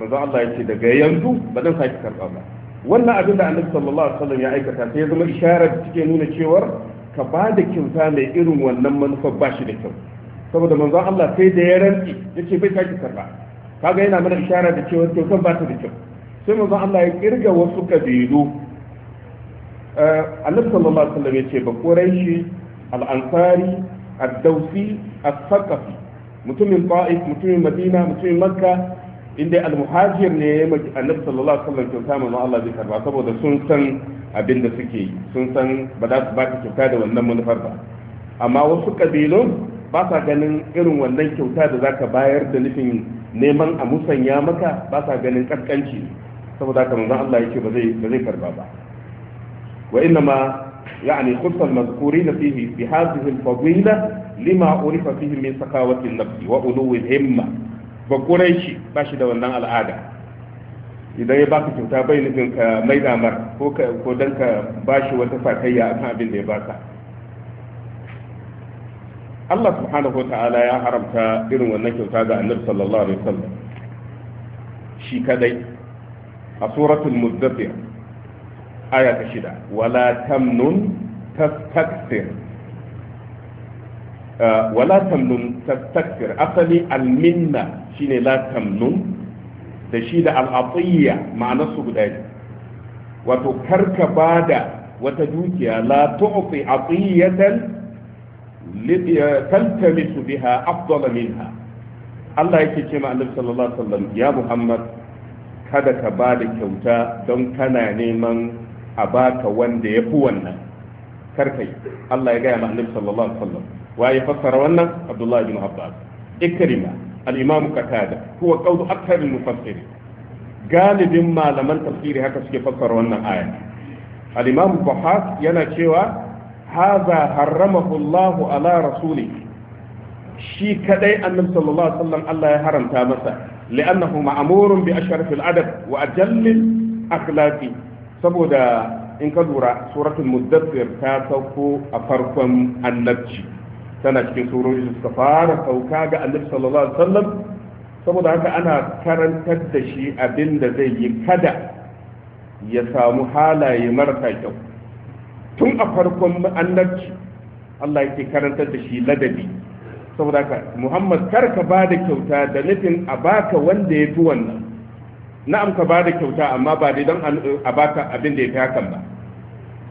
maza Allah ya ce daga yanzu ba zan sake karɓa ba wannan abin da annabi sallallahu alaihi wasallam ya aikata sai ya zama isharar cikin nuna cewar ka ba da kyauta mai irin wannan manufar ba shi da kyau saboda manzo Allah sai da ya rantsi ce bai sake karɓa kaga yana mana isharar da cewar kyautar ba ta da kyau sai manzo Allah ya kirga wasu kabilu eh, annabi sallallahu alaihi wasallam ya ce ba quraishi al-ansari ad-dausi as-saqafi mutumin ta'if mutumin madina mutumin makka inda al ne ya maki a sallallahu alaihi kyauta manzo Allah zai karba saboda sun san abinda da suke sun san ba za su ba ka kyauta da wannan manufar ba amma wasu kabilun ba sa ganin irin wannan kyauta da zaka bayar da nufin neman a musanya maka ba sa ganin kaskanci saboda haka manzo Allah ba zai karba ba ma يعني خص المذكورين فيه بهذه الفضيلة لما عرف فيه من سخاوة النفس وعلو الهمة بقريشي باشي دولنا على آدم idan ya baka kyauta bai nufin ka mai damar ko ka ko dan ka bashi wata fatayya akan abin da ya baka Allah subhanahu ta'ala ya haramta irin wannan kyauta ga Annabi sallallahu alaihi wasallam shi kadai a suratul muddathir aya ta shida wala tamnun tastakfir uh, wala tamnun tastakfir asali alminna shine la tamnun da shi da al'atiyya ma'anar su guda ne wato karka da wata dukiya la tu'ti atiyatan uh, taltamisu biha afdala minha Allah yake ce ma Annabi sallallahu alaihi wasallam ya Muhammad kada ka ba da kyauta don kana neman a baka wanda ya fi wannan karkai Allah ya gaya ma'alim sallallahu alaihi wasallam wa ya fassara wannan Abdullahi ibn Abbas ikrima al-imam qatada huwa qawlu akthar al-mufassir galibin malaman tafsiri haka suke fassara wannan aya al-imam Buhari yana cewa hadha harramahu Allahu ala rasulihi shi kadai annabi sallallahu alaihi wasallam Allah ya haramta masa li'annahu ma'murun bi ashrafil adab wa ajallil akhlaqi saboda in ka lura suratul muddassir ta sauko a farkon annabci tana cikin surori da suka fara sauka ga annabi sallallahu alaihi wasallam saboda haka ana karantar da shi abin da zai yi kada ya samu halaye marasa kyau tun a farkon annabci Allah yake karantar da shi ladabi saboda haka Muhammad karka ba da kyauta da nufin a baka wanda ya fi wannan na'am ka bada kyauta amma ba dai don a baka abin da ya fi hakan ba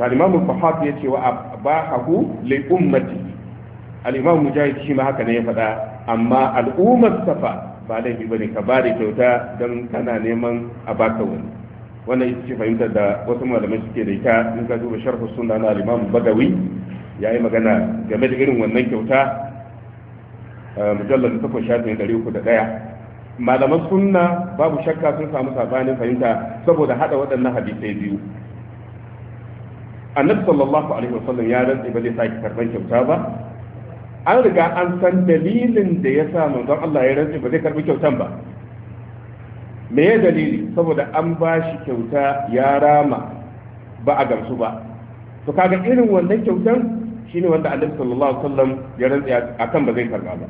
al-imam al ya ce wa abahahu li ummati al-imam mujahid shi ma haka ne ya faɗa amma al'ummar safa ba ba bane ka ba da kyauta don kana neman a baka wani wannan ita fahimtar da wasu malamai suke da ita in ka duba sharhu sunna na al-imam ya yi magana game da irin wannan kyauta mujallar da takwas shafin ɗari uku da ɗaya malaman sunna babu shakka sun samu sabanin fahimta saboda hada waɗannan hadisai biyu annabi sallallahu alaihi wasallam ya rantsi ba zai sake karban kyauta ba an riga an san dalilin da ya sa manzon Allah ya rantsi ba zai karbi kyautan ba me ya dalili saboda an ba shi kyauta ya rama ba a gamsu ba to kaga irin wannan kyautan shine wanda annabi sallallahu alaihi wasallam ya rantsi akan ba zai karba ba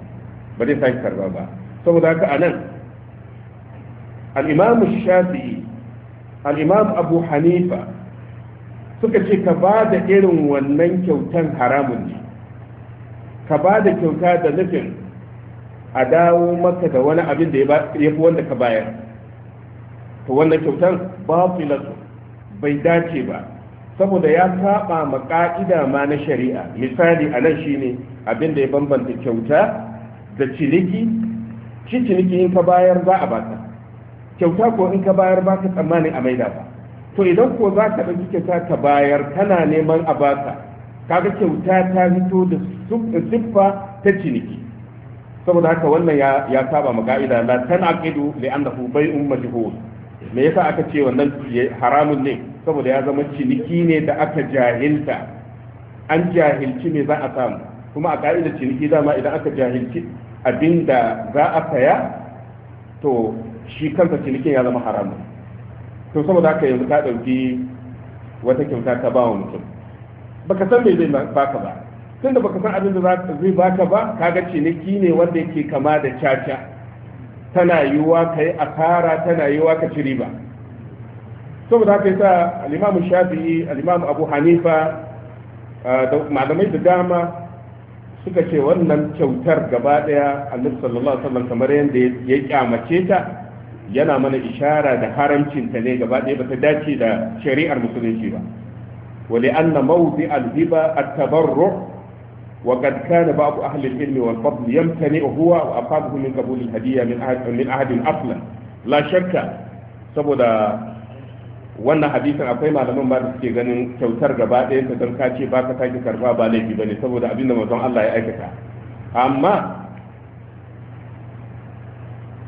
ba zai sake karba ba saboda haka anan al'imamu shafi'i al'imamu abu hanifa suka ce ka ba da irin wannan kyautan haramun ne ka ba da kyauta da nufin a dawo maka da wani abin da ya fi wanda ka bayar to wannan kyautan ba lasu bai dace ba saboda ya saba ma ka'ida ma na shari'a misali a nan shine abin da ya bambanta kyauta da ciniki ciniki in ka bayar za a baka kyauta ko in ka bayar ba ka tsammanin a maida ba to idan ko za ka ɗauki kyauta ka bayar kana neman a baka kaga kyauta ta fito da siffa ta ciniki saboda haka wannan ya ya saba ma ka'ida la tanaqidu li annahu bai'un majhul me yasa aka ce wannan haramun ne saboda ya zama ciniki ne da aka jahilta an jahilci me za a samu kuma a ka'idar ciniki dama idan aka jahilci abinda za a saya to shi kansa cinikin ya zama haramun to saboda haka yanzu ka ɗauki wata kyauta ta ba wa mutum baka san me zai baka ba tunda baka san abin da zai baka ba kaga ciniki ne wanda yake kama da caca tana yiwuwa ka yi asara tana yiwuwa ka ci riba saboda haka yasa al-Imam Shafi'i al-Imam Abu Hanifa da malamai da dama suka ce wannan kyautar gaba daya Annabi sallallahu alaihi wasallam kamar yadda ya kyamace ta yana mana ishara da haramcinta ne gaba ɗaya ba ta dace da shari'ar musulunci ba wali anna mawdi al-hiba at-tabarru wa qad kana ba'd ahli al-ilm wal fadl yamtani huwa wa afadhu min qabul al-hadiyya min ahad min ahad aslan la shakka saboda wannan hadisin akwai malaman ba da suke ganin kyautar gaba ɗaya ta don ka ce ka take karba ba laifi bane saboda abinda manzon Allah ya aikata amma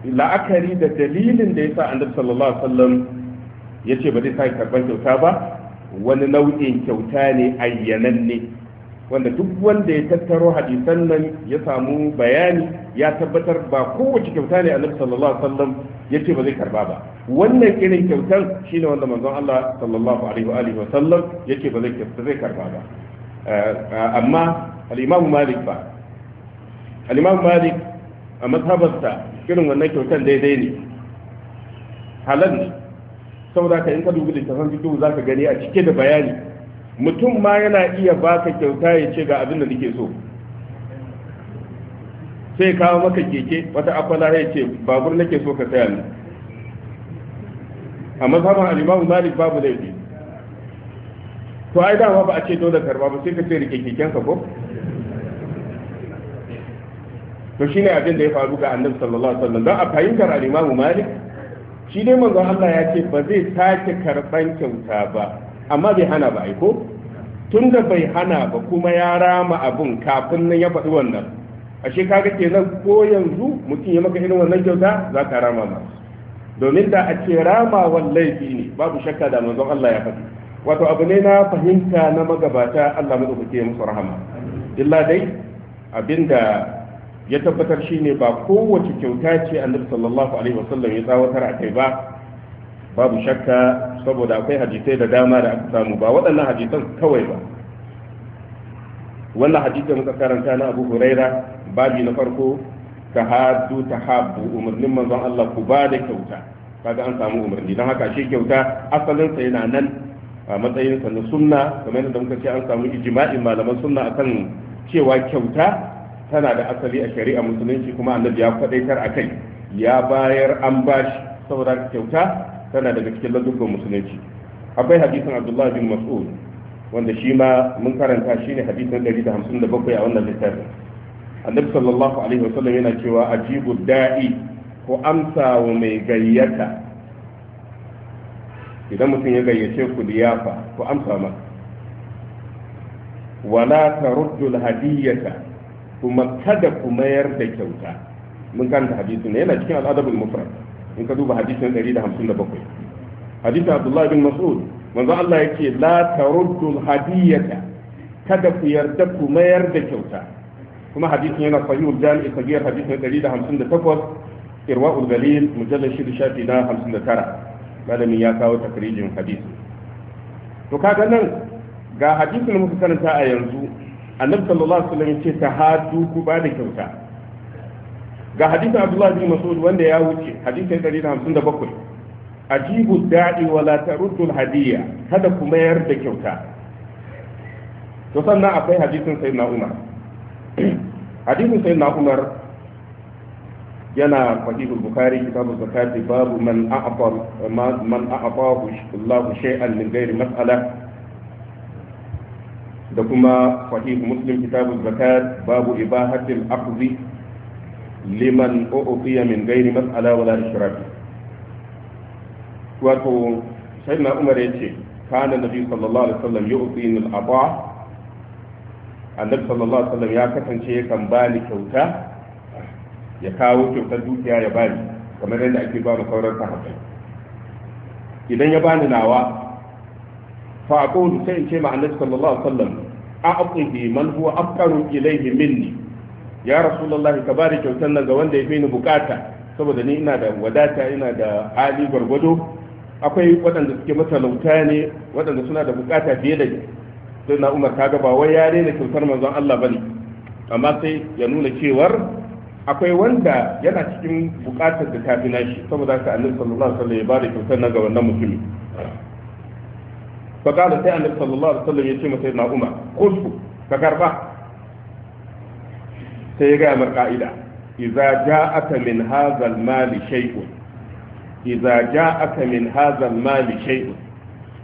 la'akari da dalilin da ya yasa annabi sallallahu alaihi wasallam ce ba zai sake karban kyauta ba wani nau'in kyauta ne ayyananne wanda duk wanda ya tattaro hadisan nan ya samu bayani ya tabbatar ba kowace kyauta ne annabi sallallahu alaihi wasallam ce ba zai karba ba wannan irin kyautan shine wanda manzon Allah sallallahu alaihi wa sallam wasallam yace ba zai karba ba eh, amma al-Imam Malik ba al-Imam Malik a mazhabarsa irin wannan kyautan daidai ne halal ne saboda ka in ka dubi littafin fiqh za ka gani a cike da bayani mutum ma yana iya baka kyauta ya ce ga abin da nake so sai kawo maka keke wata akwala ya ce babur nake so ka saya ni a mazhaban al Malik babu laifi to ai dama ba a ce dole karba ba sai ka ce rike keken ko to shi ne abin da ya faru ga annabi sallallahu alaihi wasallam don a fahimtar al-imamu malik shi dai manzon Allah ya ce ba zai sake karban kyauta ba amma bai hana ba aiko tunda bai hana ba kuma ya rama abun kafin nan ya faɗi wannan ashe kaga kenan ko yanzu mutum ya maka irin wannan kyauta za ka rama ma domin da a ce ramawan laifi ne babu shakka da manzon Allah ya faɗi wato abu ne na fahimta na magabata Allah madaukake musu rahama illa dai abinda ya tabbatar shine ba kowace kyauta ce annabi sallallahu alaihi wasallam ya tsawatar a kai ba babu shakka saboda akwai hadisai da dama da aka samu ba waɗannan hadisan kawai ba wannan hadisi muka karanta na abu huraira babi na farko ta hadu ta habu umarnin manzon Allah ku ba da kyauta kaga an samu umarni don haka shi kyauta asalin sa yana nan a matsayin sa na sunna kamar yadda muka ce an samu ijma'in malaman sunna akan cewa kyauta tana da asali a shari'a musulunci kuma annabi ya faɗaitar a kai ya bayar an bashi saboda kyauta tana daga cikin ladubban musulunci akwai hadisin abdullahi bin mas'ud wanda shi ma mun karanta shi ne hadisin 157 a wannan littafin annabi sallallahu alaihi wasallam yana cewa ajibu da'i ko amsa wa mai gayyata idan mutum ya gayyace ku liyafa ku amsa ma. wala taruddu al-hadiyata kuma kada ku mayar da kyauta mun kanta hadisin ne yana cikin al'adabul mufrad in ka duba hadisin 157 hadisin abdullahi bin mas'ud manzo Allah yake la taruddul hadiyata kada ku yarda ku mayar da kyauta kuma hadisin yana sahihul jami'i sahih hadisin 158 irwaul galil mujallal shid shafi na 59 malamin ya kawo takrijin hadisi to kaga nan ga hadisin muka karanta a yanzu annabi sallallahu alaihi wasallam ya ce ta hadu ku ba da kyauta ga hadisin abdullahi bin mas'ud wanda ya wuce hadisin 157 ajibu da'i wala taruddu hadiyya kada ku mayar da kyauta to sannan akwai hadisin sayyidina umar hadisin sayyidina umar yana sahihul bukhari kitabu zakati babu man a'ata man a'atahu Allah shay'an min ghairi mas'ala da kuma sahih muslim kitabul zakat babu ibahatil aqzi liman u'tiya min ghairi mas'ala wala ishraq wato sayyidina umar yace kana nabi sallallahu alaihi wasallam yu'tini al-ata annabi sallallahu alaihi wasallam ya kasance kan ba ni kyauta ya kawo kyautar dukiya ya bani kamar yadda ake ba mu sauran sahabbai idan ya bani nawa fa aqulu sai in ce ma annabi sallallahu alaihi wasallam a'tihi man huwa afqaru ilayhi minni ya rasulullahi ka bari kyautan nan ga wanda ya fi ni bukata saboda ni ina da wadata ina da hali gwargwado akwai waɗanda suke matalauta ne waɗanda suna da bukata fiye da ni sai na umar kaga ba ya kyautar Allah bane amma sai ya nuna cewar akwai wanda yana cikin bukatar da tafi nashi saboda haka annabi sallallahu alaihi wasallam ya bada kyautar nan ga wannan mutumin fa qala sai annabi sallallahu alaihi wasallam yace masa na umar kusu ka karba sai ya ga mar ka'ida idza ja'aka min hadha al-mali shay'un idza ja'aka min hadha mali shay'un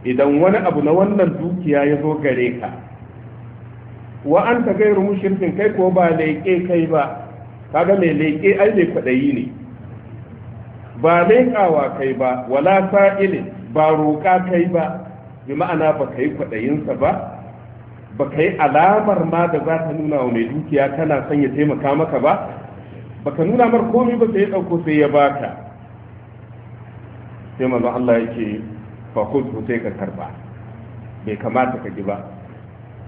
idan wani abu na wannan dukiya ya zo gare ka wa an ta gairu mushirkin kai ko ba leƙe kai ba kaga me leƙe ai ne kwaɗayi ne ba leƙawa kai ba wala sa'ilin ba roƙa kai ba bi ma'ana ba ka yi kwaɗayinsa ba ba ka yi alamar ma da za ta nuna wa mai dukiya tana son ya taimaka maka ba ba ka nuna mar komi ba sai ya ɗauko sai ya baka sai manzo Allah yake fa khudhu sai ka karba bai kamata ka ji ba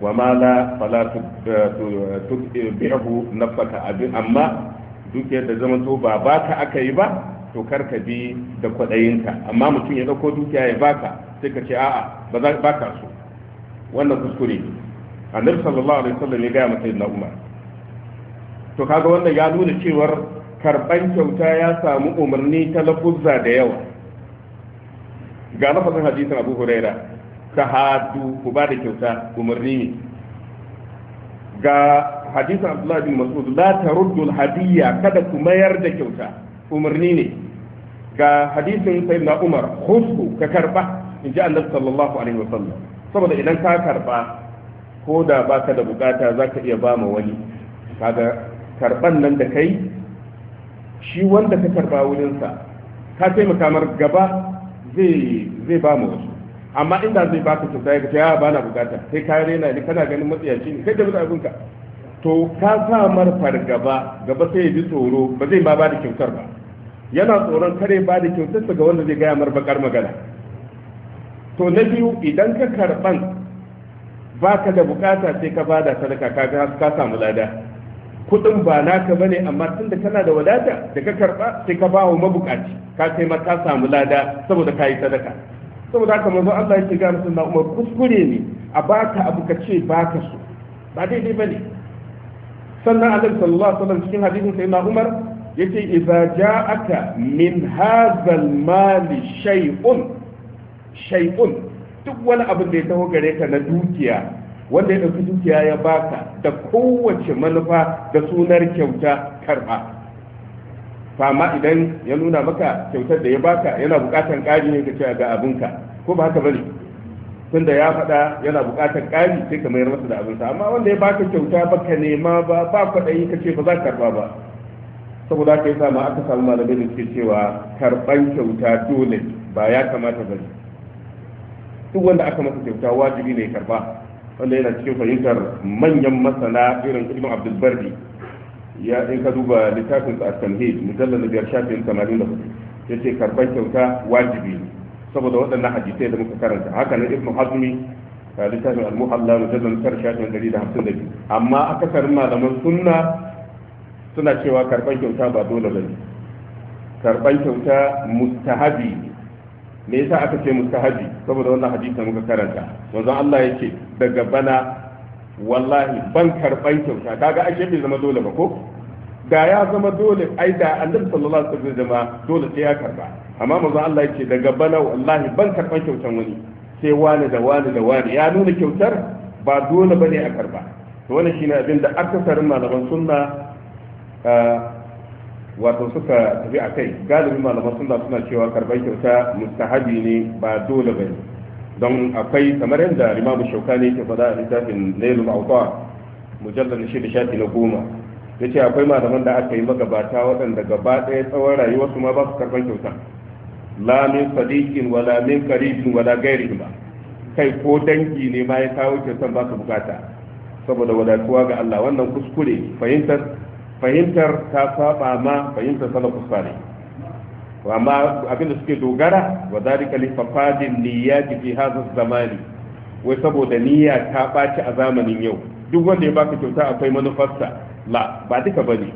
wa ma la fala eh, eh, bihu nafaka abin amma dukiyar da zama to ba baka aka yi ba to kar ka bi da kwaɗayinka amma mutum ya ɗauko dukiya ya baka sai ka ce a'a ba za baka so wannan kuskure ne annabi sallallahu alaihi wasallam ya gaya masa na umar to kaga wannan ya nuna cewar karban kyauta ya samu umarni ta lafuzza da yawa ga lafazin hadisin abu huraira ta hadu ku ba da kyauta umarni ne ga hadisin abdullahi bin mas'ud la taruddu al-hadiyya kada ku mayar da kyauta umarni ne ga hadisin na Umar husu ka karba in ji annabi sallallahu alaihi wasallam saboda idan ka karba ko da baka da bukata zaka iya ba ma wani kaga karban nan da kai shi wanda ka karba wurinsa ka taimaka mar gaba zai zai ba wasu amma inda zai baka kyauta ya ka ce ya ah, bana bukata sai ka rena ni kana ganin matsiyaci ne kai da mutu abinka to ka sa mar fargaba gaba sai ya ji tsoro ba zai ma ba da kyautar ba yana tsoron kare ba da kyautarsa ga wanda zai gaya marbakar magana to na biyu idan ka karban ba ka da bukata sai ka bada sadaka ka ka samu lada kudin ba naka bane amma tun da kana da wadata da ka karba sai ka bawa mabukaci ka kai ma ka samu lada saboda ka yi sadaka saboda haka manzo Allah yake ga musulma Umar kuskure ne a baka abu ka ce baka su. ba daidai bane sannan Allah sallallahu alaihi wasallam cikin hadisin sayyidina Umar yace idza ja'aka min hadzal mali shay'un shay'un duk wani abin da ya taho gare ka na dukiya wanda ya dauki dukiya ya baka da kowace manufa da sunar kyauta karba fama idan ya nuna maka kyautar da ya baka yana bukatan ƙari ne ka ce ga abinka ko ba haka bane tunda ya faɗa yana bukatan ƙari sai ka mayar masa da abinsa amma wanda ya baka kyauta baka nema ba ba kwaɗayi ka ce ba za ka karba ba saboda haka yasa ma aka samu malamai da suke cewa karban kyauta dole ba ya kamata ba ne duk wanda aka masa kyauta wajibi ne karba wanda yana cikin fahimtar manyan masana irin ibn abdul bardi ya in ka duba littafin sa at-tamhid mujallal na biyar shafin 84 ce karban kyauta wajibi ne saboda waɗannan hadisai da muka karanta haka nan ibn hazmi littafin al-muhalla mujallal na shafin 152 amma akasarin malaman sunna suna cewa karban kyauta ba dole ba ne karban kyauta mustahabi me yasa aka ce mustahabi saboda wannan hadisi muka karanta Wanzu Allah yake daga bana wallahi ban karban kyauta kaga ashe bai zama dole ba ko da ya zama dole ai da annabi sallallahu alaihi wasallam zama dole sai ya karba amma manzo Allah yake daga bana wallahi ban karban kyautan wani sai wani da wani da wani ya nuna kyautar ba dole bane a karba to wannan shine abin da akasarin malaman sunna wato suka tafi a kai galibin malaman suna suna cewa karban kyauta mustahabi ne ba dole ba ne don akwai kamar yadda limamu ne ke faɗa a littafin Nailu ma'auta mujallar shi da shafi na goma ya ce akwai malaman da aka yi magabata waɗanda gaba ɗaya tsawon su ma ba su karban kyauta la min sadiqin wala min qaribin wala ba kai ko dangi ne ma ya kawo kyautan ba su bukata saboda wadatuwa ga Allah wannan kuskure fahimtar fahimtar ta saba ma fahimtar salafu sani amma abin da suke dogara wa zalika li niyya niyyati fi hadha zamani wai saboda niyya ta ɓaci a zamanin yau duk wanda ya baka kyauta akwai manufarsa la ba duka ba ne.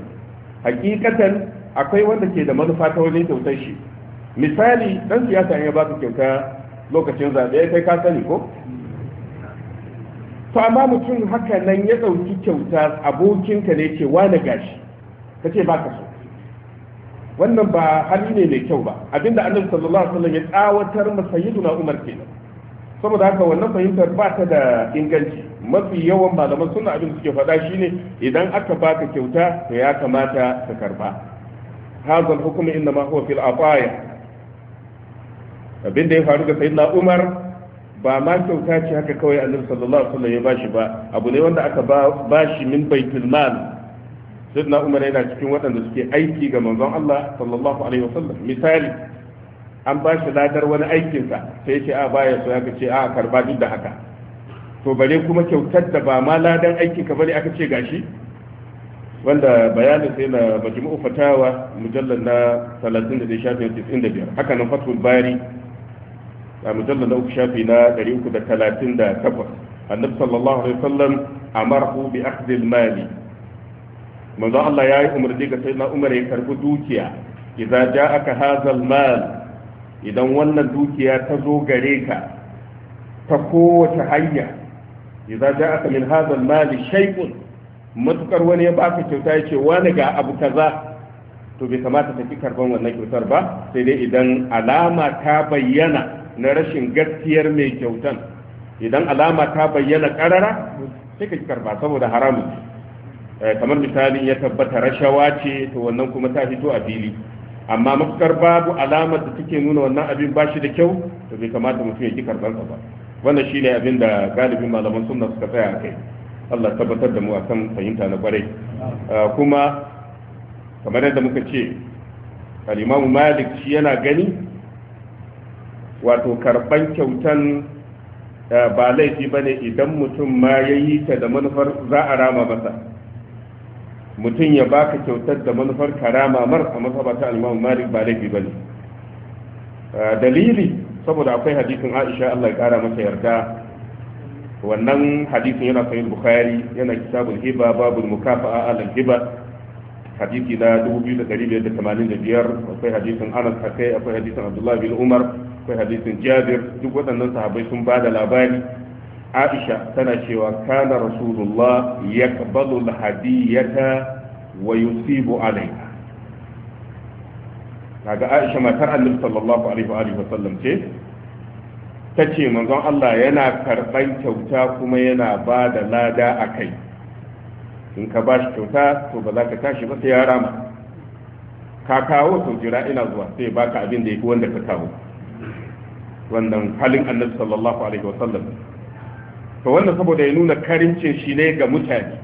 hakikatan akwai wanda ke da manufa ta wani kyautar shi misali dan siyasa ya baka kyauta lokacin zaɓe kai ka sani ko to amma mutum haka nan ya ɗauki kyauta abokinka ne ce wani gashi ka ce baka so wannan ba hali ne mai kyau ba abinda annabi sallallahu alaihi wasallam ya tsawatar masa sayyiduna umar kenan saboda haka wannan fahimtar ba ta da inganci mafi yawan malaman suna abin suke faɗa shi ne idan aka baka kyauta to ya kamata ka karba hadha al inda inma huwa fil abinda ya faru ga sayyidina umar ba ma kyauta ce haka kawai annabi sallallahu alaihi wasallam ya bashi ba abu ne wanda aka bashi min baitul mal sayyidina umar yana cikin waɗanda suke aiki ga manzon Allah sallallahu alaihi wasallam misali an bashi ladar wani aikin sa sai ya ce a baya so aka ce a karba duk da haka to bare kuma kyautar da ba ma ladan aikin ka bane aka ce gashi wanda bayanin sai na majmu'u fatawa mujallal na 30 da shafin 95 haka nan fatul bari a mujallar na uku shafi na ɗari uku da da talatin 338 annabi sallallahu alaihi wasallam amarhu bi akhdhi al-mali manzo Allah ya yi umarni ga sayyidina Umar ya karbi dukiya idan ja'aka aka hazal mal idan wannan dukiya ta zo gare ka ta kowace hanya idan idza aka min hadha al-mal shay'un matukar wani ya baka kyauta ya ce wani ga abu kaza to bai kamata ta ki karban wannan kyautar ba sai dai idan alama ta bayyana na rashin gaskiyar mai kyautan idan alama ta bayyana karara sai ka karba saboda haramun eh, kamar misalin ya tabbata rashawa ce to wannan kuma ta fito a fili amma matukar babu alamar da take nuna wannan abin ba shi da kyau to bai kamata mutum ya ki karbansa ba wannan shine abin da galibin malaman sunna suka tsaya a kai Allah tabbatar da mu akan fahimta na kwarai eh, kuma kamar yadda muka ce al-Imam Malik shi yana gani wato karban kyautan eh, ba laifi ba ne idan mutum ma ya yi ta da manufar za a rama masa mutum ya baka kyautar da manufar karama mar a masabata alimamu mara ba laifi ba ne eh, dalili saboda akwai hadisin aisha allah ya kara masa yarda wannan hadisin yana sayin bukhari yana kitabul hiba babul mukafa'a alal hiba hadisi na 2585 akwai hadisin anas akai akwai hadisin abdullahi bin umar akwai hadisin jabir duk waɗannan sahabai sun ba da labari aisha tana cewa kana rasulullah yaqbalu alhadiyata wa yusibu alayha kaga aisha matar annabi sallallahu alaihi wa alihi wasallam ce ce manzon Allah yana karban kyauta kuma yana ba da lada kai. in ka ba shi kyauta to ba za ka tashi ba sai ya rama ka kawo to jira ina zuwa sai baka abin da yake wanda ka kawo wannan halin annabi sallallahu alaihi wa sallam to wannan saboda ya nuna karincin shi ne ga mutane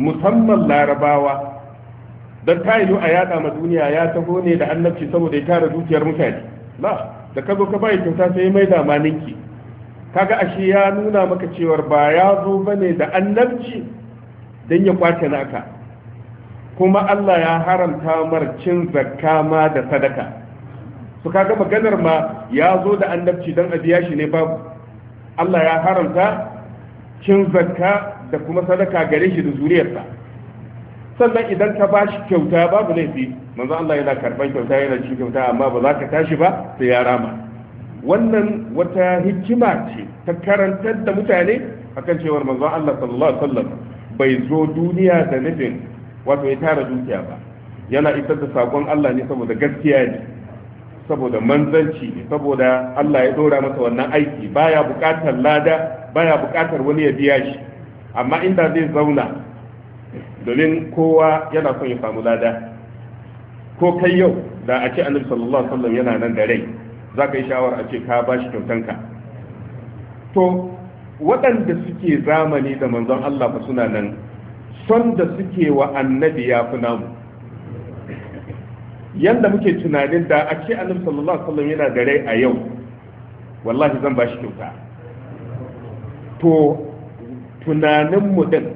musamman larabawa don ta yi a yada ma duniya ya taho ne da annabci saboda ya tara dukiyar mutane la da ka zo ka bai kyauta sai mai da maninki kaga ashe ya nuna maka cewar ba ya zo bane da annabci dan ya kwace naka kuma Allah ya haramta mar cin zakka ma da sadaka su kaga maganar ma ya zo da annabci dan a biya shi ne babu Allah ya haramta cin zakka da kuma sadaka gare shi da zuriyarsa sannan idan ka ba shi kyauta babu laifi manzo Allah yana karban kyauta yana cin kyauta amma ba za ka tashi ba sai ya rama wannan wata hikima ce ta karantar da mutane akan cewar manzo Allah sallallahu alaihi wasallam bai zo duniya da nufin wato ya tara dukiya ba yana isar da sakon Allah ne saboda gaskiya ne saboda manzanci ne saboda Allah ya dora masa wannan aiki baya bukatar lada baya bukatar wani ya biya shi amma inda zai zauna domin kowa yana son ya samu lada ko kai yau da a ce annabi sallallahu alaihi wasallam yana nan da rai za ka yi shawara a ce ka ba shi kyautanka to waɗanda suke zamani da manzon Allah fa suna nan son da suke wa annabi ya fi namu yanda muke tunanin da a ce annabi sallallahu alaihi wasallam yana da rai a yau wallahi zan bashi kyauta to tunanin mu din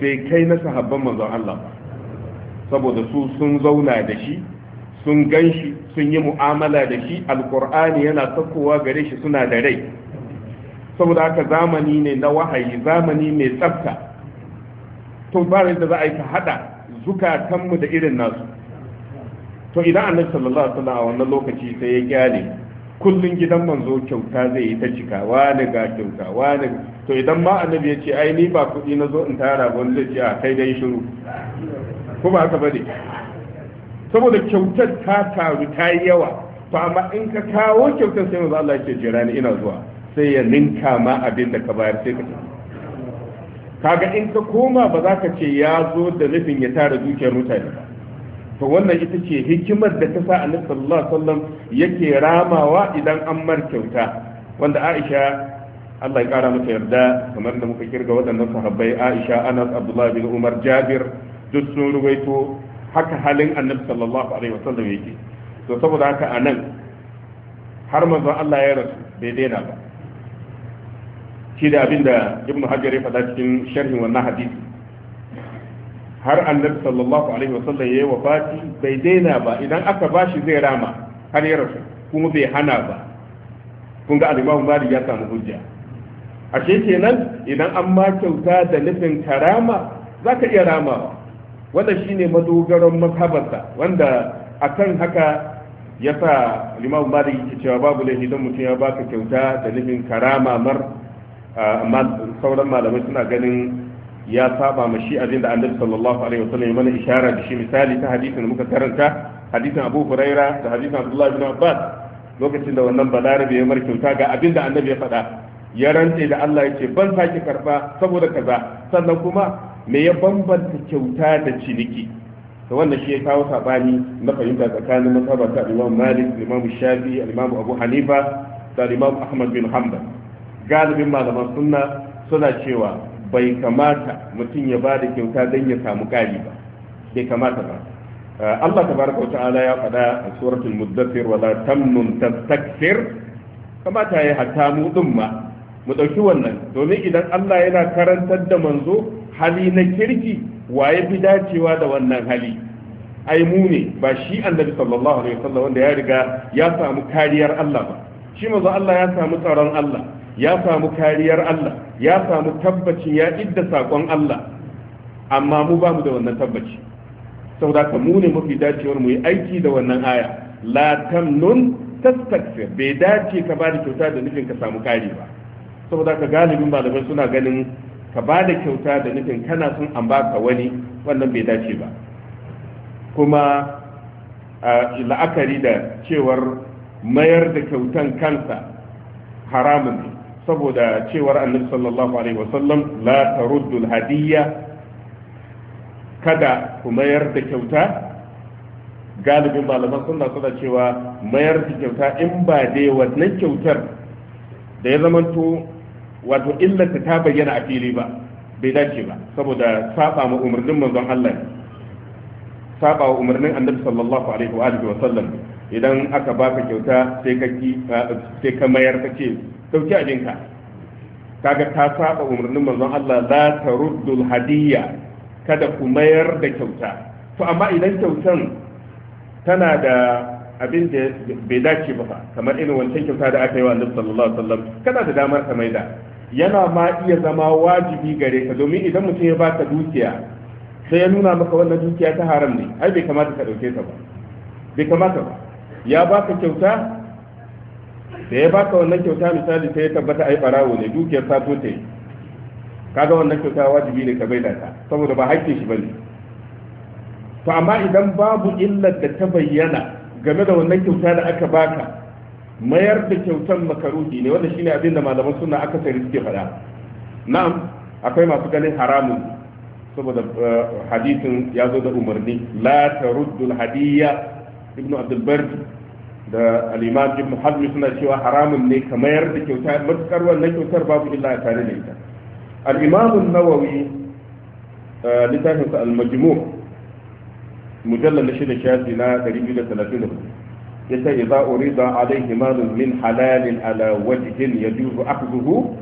bai kai na sahabban manzon Allah ba saboda su sun zauna da shi sun gan sun yi mu'amala da shi alkur'ani yana sakowa gare shi suna da rai saboda haka zamani ne na wahayi zamani mai tsafta to ba da za a yi ka hada zukatanmu da irin nasu to idan annan sallallahu alaihi wasallam a wannan lokaci sai ya gyale kullun gidan manzo kyauta zai yi ta cikawa da ga kyauta wani to idan ma annabi ya ce ai ni ba kuɗi na zo in tara ba wani zai a kai dai shiru ko ba haka bane saboda kyautar ta taru ta yi yawa to amma in ka kawo kyautar sai manzo Allah ya jira ni ina zuwa sai ya ninka ma abin da ka bayar sai ka kaga in ka koma ba za ka ce ya zo da nufin ya tara dukiyar mutane ba to wannan ita ce hikimar da ta sa annabi sallallahu alaihi wasallam yake ramawa idan an mar kyauta wanda Aisha Allah ya kara mata yarda kamar da muka kirga waɗannan sahabbai Aisha Anas Abdullah bin Umar Jabir duk sun rubaito haka halin annabi sallallahu alaihi wasallam yake to saboda haka anan har manzon Allah ya rasu bai daina ba shi da abinda ibnu Hajar ya faɗa cikin sharhin wannan hadisi har annabi sallallahu alaihi wa sallam yayi wafati bai daina ba idan aka bashi zai rama har ya rasu kuma bai hana ba kun ga al-Imam Malik ya samu hujja ashe kenan idan an ma kyauta da nufin karama zaka iya ramawa wanda shine madogaron mazhabarsa wanda akan haka ya sa Imam Malik yake cewa babu laifi idan mutum ya baka kyauta da nufin karama mar ah, amma sauran malamai suna ganin ya saba ma shi abin da annabi sallallahu alaihi wasallam ya mana ishara da shi misali ta hadisin da muka karanta hadisin Abu Huraira da hadisin Abdullah ibn Abbas lokacin da wannan balarabe ya mar ga abin da annabi ya faɗa ya rantse da Allah ya ce ban sake karba saboda kaza sannan kuma me ya bambanta kyauta da ciniki to wannan shi ya kawo sabani na fahimta tsakanin masabata Imam Malik Imam Shafi Imam Abu Hanifa da Imam Ahmad bin Hanbal galibin malaman sunna suna cewa bai kamata mutum ya ba da kyauta don ya samu ƙari ba bai kamata ba uh, Allah ta'ala ya faɗa a suratul muddathir wala tamnun tastakthir kamata ya hatta mu din ma mu ɗauki wannan domin idan Allah yana karantar da manzo hali na kirki waye fi dacewa da wannan hali ai mu ne ba shi annabi sallallahu alaihi wasallam wanda ya riga ya samu kariyar Allah ba shi manzo Allah ya samu tsaron Allah ya samu kariyar Allah ya samu tabbacin ya idda sakon Allah amma mu ba mu da wannan tabbaci saboda ka mu ne mafi dacewar mu yi aiki da wannan aya la tamnun tastakfir bai dace ka bada kyauta da nufin ka samu kari ba saboda ka galibin malamai suna ganin ka bada kyauta da nufin kana son an baka wani wannan bai dace ba kuma la'akari da cewar mayar da kyautan kansa haramun ne saboda cewar annabi sallallahu alaihi wasallam la taruddul hadiyya kada ku mayar da kyauta galibin malaman suna suna cewa mayar da kyauta in ba dai wannan kyautar da ya zamanto wato illata ta bayyana a fili ba bai dace ba saboda saba ma umarnin manzon Allah saba wa umarnin annabi sallallahu alaihi wa sallam idan aka baka kyauta sai ka sai ka mayar ka ce dauki abinka kaga ta saba umarnin manzon Allah la taruddul hadiyya kada ku mayar da kyauta to amma idan kyautan tana da abin da bai dace ba kamar irin wancan kyauta da aka yi wa Annabi sallallahu alaihi wasallam kana da damar ka maida yana ma iya zama wajibi gare ka domin idan mutum ya baka dukiya sai ya nuna maka wannan dukiya ta haram ne ai bai kamata ka dauke ta ba bai kamata ba ya baka kyauta da ya baka wannan kyauta misali sai ya tabbata a yi farawo ne dukiyar sato ta yi kaga wannan kyauta wajibi ne ka baida ta saboda ba haƙƙin shi bane to amma idan babu illar da ta bayyana game da wannan kyauta da aka baka mayar da kyautan makaruhi ne wanda shine abin da malaman suna aka sai suke faɗa na'am akwai masu ganin haramun saboda eh, hadisin ya zo da umarni la taruddul hadiyya ibnu abdul bardi da al'imam ibn hazmi suna cewa haramun ne ka mayar da kyauta matukar wannan kyautar babu illa a tare da ita al'imam nawawi eh, littafinsa al-majmu mujallal na shida shafi na 234 yace idza urida alayhi malun min halalin ala wajhin yajuzu akhdhuhu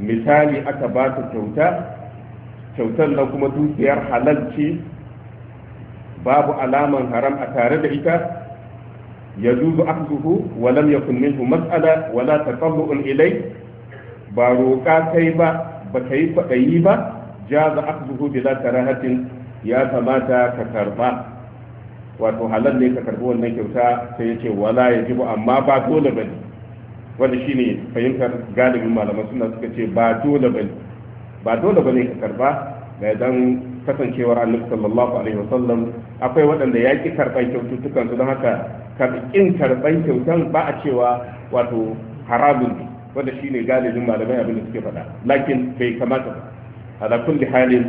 misali aka ba ta kyauta kyautar na kuma dukiyar halalci babu alaman haram a tare da ita يجوز أخذه ولم يكن منه مسألة ولا تطلع إليه باروكا كيبا بكيف كيبا جاز أخذه بلا كراهة يا سماتا ككربا wato halal ne ka karbi wannan kyauta sai ya ce wala ya jibu amma ba dole ba ne wanda shi ne fahimtar galibin malaman suna suka ce ba dole ba ne ba dole ba ne ka karba ga dan kasancewar annabi sallallahu alaihi wasallam akwai waɗanda ya ƙi karɓar kyaututtukan su don haka karɓin karɓar kyautar ba a cewa wato haramun ne wanda ne galibin malamai abin da suke faɗa lakin bai kamata ba ala kulli halin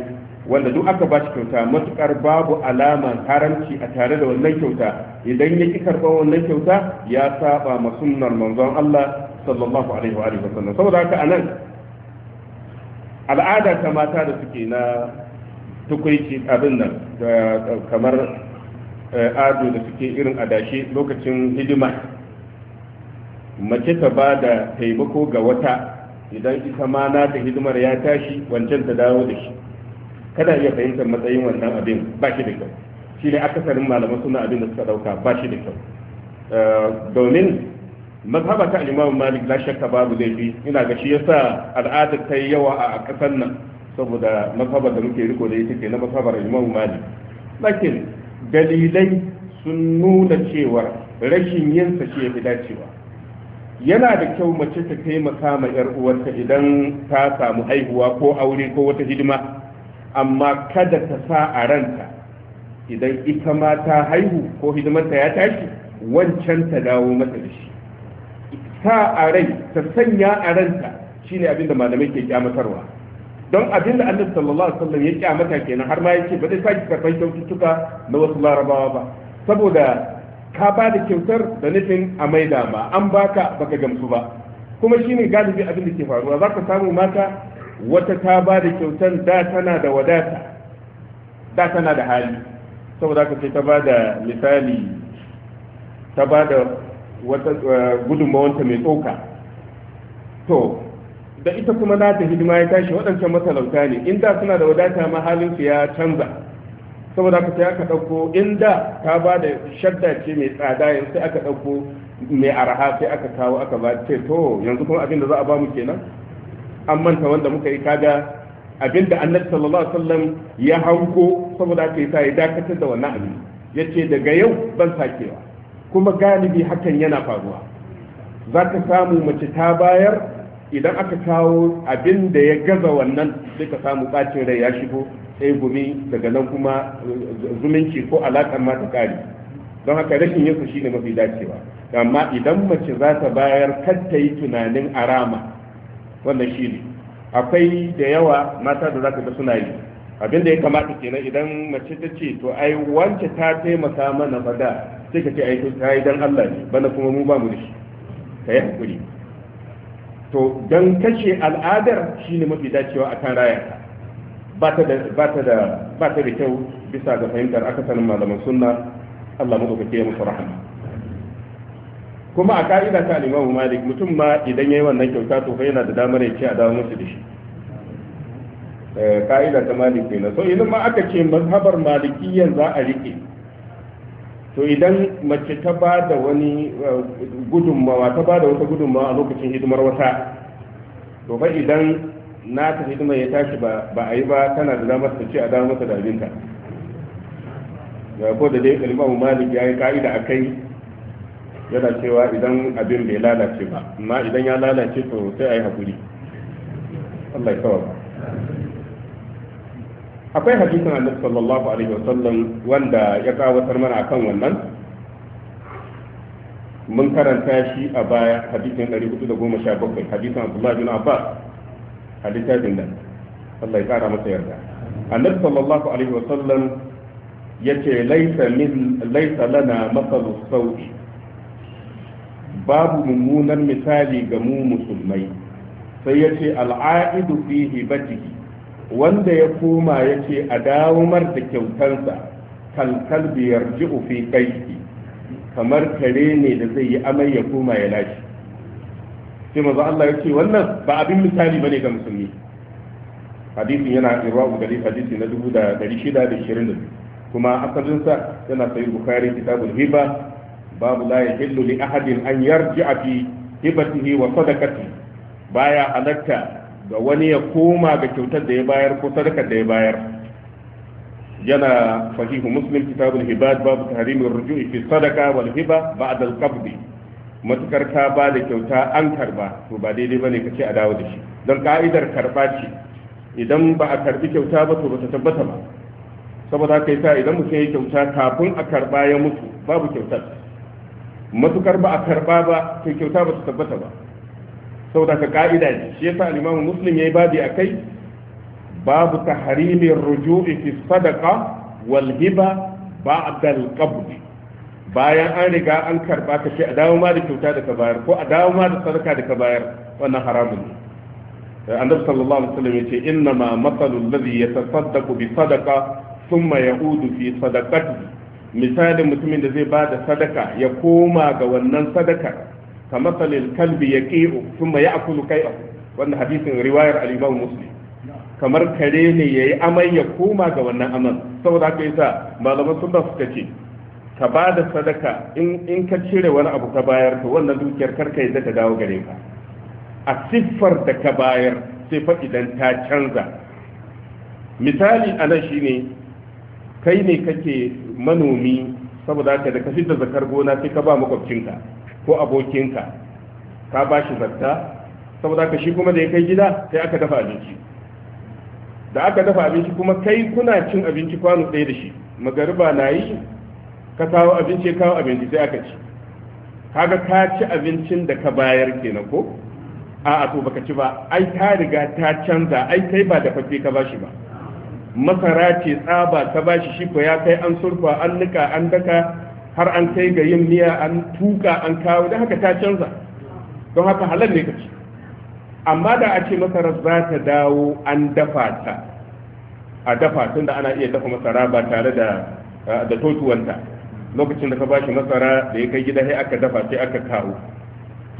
wanda duk aka ba shi kyauta matukar babu alaman haramci a tare da wannan kyauta idan ya ki karɓar wannan kyauta ya saba ma sunnar manzon Allah sallallahu alaihi wa alihi wasallam saboda haka anan al'ada ta mata da suke na tukuici abin nan kamar Eh, ado da suke irin adashe lokacin hidima mace ta ba da taimako ga wata idan ita ma na ta hidimar ya tashi wancan ta dawo da shi kada iya fahimtar matsayin wannan abin ba shi da kyau shi ne akasarin malaman suna abin da suka dauka ba shi da kyau eh, domin mazhaba ta alimamu malik la shakka babu laifi ina ga shi yasa al'adar ta yi yawa a kasan nan saboda mazhabar da muke riko da ita ke na mazhabar malik lakin dalilai sun nuna cewa rashin yinsa shi ya fi dacewa yana da kyau mace ta taimaka ma yar uwarta idan ta samu haihuwa ko aure ko wata hidima amma kada ta sa a ranta idan ita ma ta haihu ko hidimarta ya tashi wancan ta dawo mata da shi ta a rai ta sanya a ranta shine da malamai ke kyamatarwa don abinda annabi sallallahu alaihi wasallam ya kyamata kenan har ma yake ba zai sake karban kyaututtuka na wasu larabawa ba saboda ka ba da kyautar da nufin a da ba, an baka baka gamsu ba kuma shine galibi abin da ke faruwa za ka samu mata wata ta ba da kyautar da tana da wadata da tana da hali saboda haka sai ta ba da misali ta ba da wata eh, gudunmawanta mai tsoka to da ita kuma ta hidima ya tashi waɗancan matalauta ne in da suna da wadata ma halin su ya canza saboda haka sai aka ɗauko in da ta ba da shadda ce mai tsada yanzu sai aka ɗauko mai araha sai aka kawo aka ba ce to yanzu kuma abin da za a ba mu kenan an manta wanda muka yi kaga abin da annabi sallallahu alaihi wasallam ya hanko saboda haka yi, ya dakatar da wannan abin yace daga yau ban sakewa kuma galibi hakan yana faruwa za samu mace ta bayar idan aka kawo abin da ya gaza wannan sai samu bacin rai ya shigo sai gumi daga nan kuma eh, zumunci ko alaƙar ma ta ƙari don haka rashin yinsa shi ne mafi dacewa amma idan mace za ta bayar kar ta yi tunanin arama wannan shi ne akwai da yawa mata da za ka ga suna yi abin da ya kamata kenan idan mace ta ce to ai wance ta taimaka mana bada sai ka ce ai ta yi dan Allah ne bana kuma mu ba mu da shi ka yi hakuri to don kashe al'adar shine mafi dacewa akan rayarta ba ta da kyau bisa ga fahimtar akasarin malaman sunna Allah madaukake musu rahama kuma a ka'ida ta alimamu malik mutum ma idan yayi wannan kyauta to yana da damar ya ce a dawo musu da shi eh, ka'ida ta malik ne so idan ma aka ce mazhabar malikiyyan za a rike to idan mace ta ba da wani eh, gudunmawa ta ba da wata gudunmawa a lokacin hidimar wata to fa idan na ta hidimar ya tashi ba a yi ba tana da damar ta ce a damar masa da abinta ko da dai kalimamu malik ya yi ka'ida a kai yana cewa idan abin bai lalace ba amma idan ya lalace to sai a yi haƙuri Allah ya kawar akwai hadisin annabi sallallahu alaihi wasallam wanda ya kawatar mana akan wannan mun karanta shi a baya hadisin 417 hadisin Abdullah bin Abbas hadisin da Allah ya kara masa yarda annabi sallallahu alaihi wasallam yace laisa min laisa lana masalu sawi babu mummunan misali ga mu musulmai sai yace al'aidu fihi batihi wanda ya koma yake a dawomar da kyautansa kalkal biyar ji'u fi kai kamar kare ne da zai yi amai ya koma ya lashe sai maza Allah ya ce wannan ba abin misali bane ga musulmi hadisin yana irwa gari hadisi na dubu da dari shida da shirin da kuma asalinsa yana sayi bukari kitabul hiba babu la yahillu li ahadin an yarji'a fi hibatihi wa sadakati baya halatta ga wani ya koma ga kyautar da ya bayar ko sadakar da ya bayar yana sahihu muslim kitabul hibad babu tahrimin ruju'i fi sadaka wal hiba ba'da al qabd matukar ka ba da kyauta an karba to ba daidai bane kace a dawo da shi don ka'idar karba ce idan ba a karbi kyauta ba to ba ta tabbata ba saboda haka yasa idan mutum ya kyauta kafin a karba ya mutu babu kyautar matukar ba a karba ba to kyauta ba ta tabbata ba saboda ka ka'ida ne shi yasa al-Imam Muslim yayi babi akai babu tahrimi ruju'i fi sadaqa wal hiba ba'da al-qabd bayan an riga an karba ka ce a dawo ma da kyauta da ka bayar ko a dawo ma da sadaka da ka bayar wannan haramun ne annabi sallallahu alaihi wasallam yace inna ma masalul ladhi yatasaddaqu bi sadaqa thumma ya'udu fi sadaqati misalin mutumin da zai ba da sadaka ya koma ga wannan sadakar كمثل kalbi ya ثم ياكل ya وان حديث wannan hadisin riwayar al'imam muslim kamar kare ne ya yi amai ya koma ga wannan aman saboda haka yasa malaman sunna suka ce ka ba da sadaka in ka cire wani abu ka bayar to wannan dukiyar karka yadda ta dawo gare ka a siffar da ka bayar sai fa idan ta canza misali a nan shine kai ne kake manomi saboda haka da ka fitar zakar gona sai ka ba makwabcinka ko abokinka ka ba shi zarta saboda ka shi kuma da ya kai gida sai aka dafa abinci da aka dafa abinci kuma kai kuna cin abinci kwano ɗaya da shi magariba na yi ka kawo abinci kawo abinci sai aka ci kaga ka ci abincin da ka bayar kenan ko a'a to baka ci ba ai ta riga ta canza ai kai ba da fafe ka bashi ba masara ce tsaba ka bashi shi ko ya kai an surfa an nika an daka har an kai ga yin miya an tuka an kawo da haka ta canza don haka halal ne kace amma da a ce masarar za ta dawo an dafa ta a dafa tunda ana iya dafa masara ba tare da eh, da totuwanta lokacin da ka bashi masara da ya kai gida sai aka dafa sai aka kawo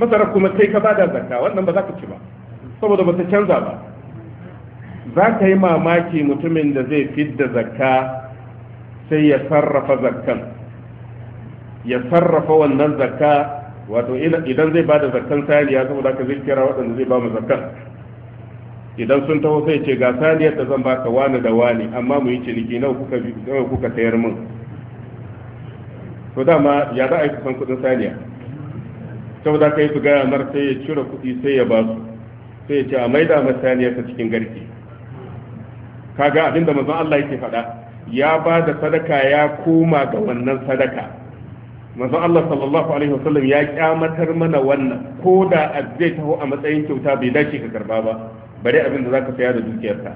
masara kuma sai ka bada zakka wannan ba za ka ci ba saboda ba ta canza ba za ka yi mamaki mutumin da zai fidda zakka sai ya sarrafa zakkan ya sarrafa wannan zakka wato idan zai bada zakkan saniya saboda ka zai kira waɗanda zai ba mu zakkan idan sun taho sai ce ga saniyar da zan baka wani da wani amma mu yi ciniki nawa kuka nawa kuka sayar min to dama ya za a yi kusan kuɗin saniya saboda ka yi su gaya mar sai ya cire kuɗi sai ya ba su sai ya ce a maida masa saniyar ta cikin garki kaga abinda manzon Allah yake faɗa ya ba da sadaka ya koma ga wannan sadaka manzon Allah sallallahu alaihi wasallam ya kyamatar mana wannan ko da zai taho a matsayin kyauta bai dace ka karba ba bare abin da zaka saya da dukiyarka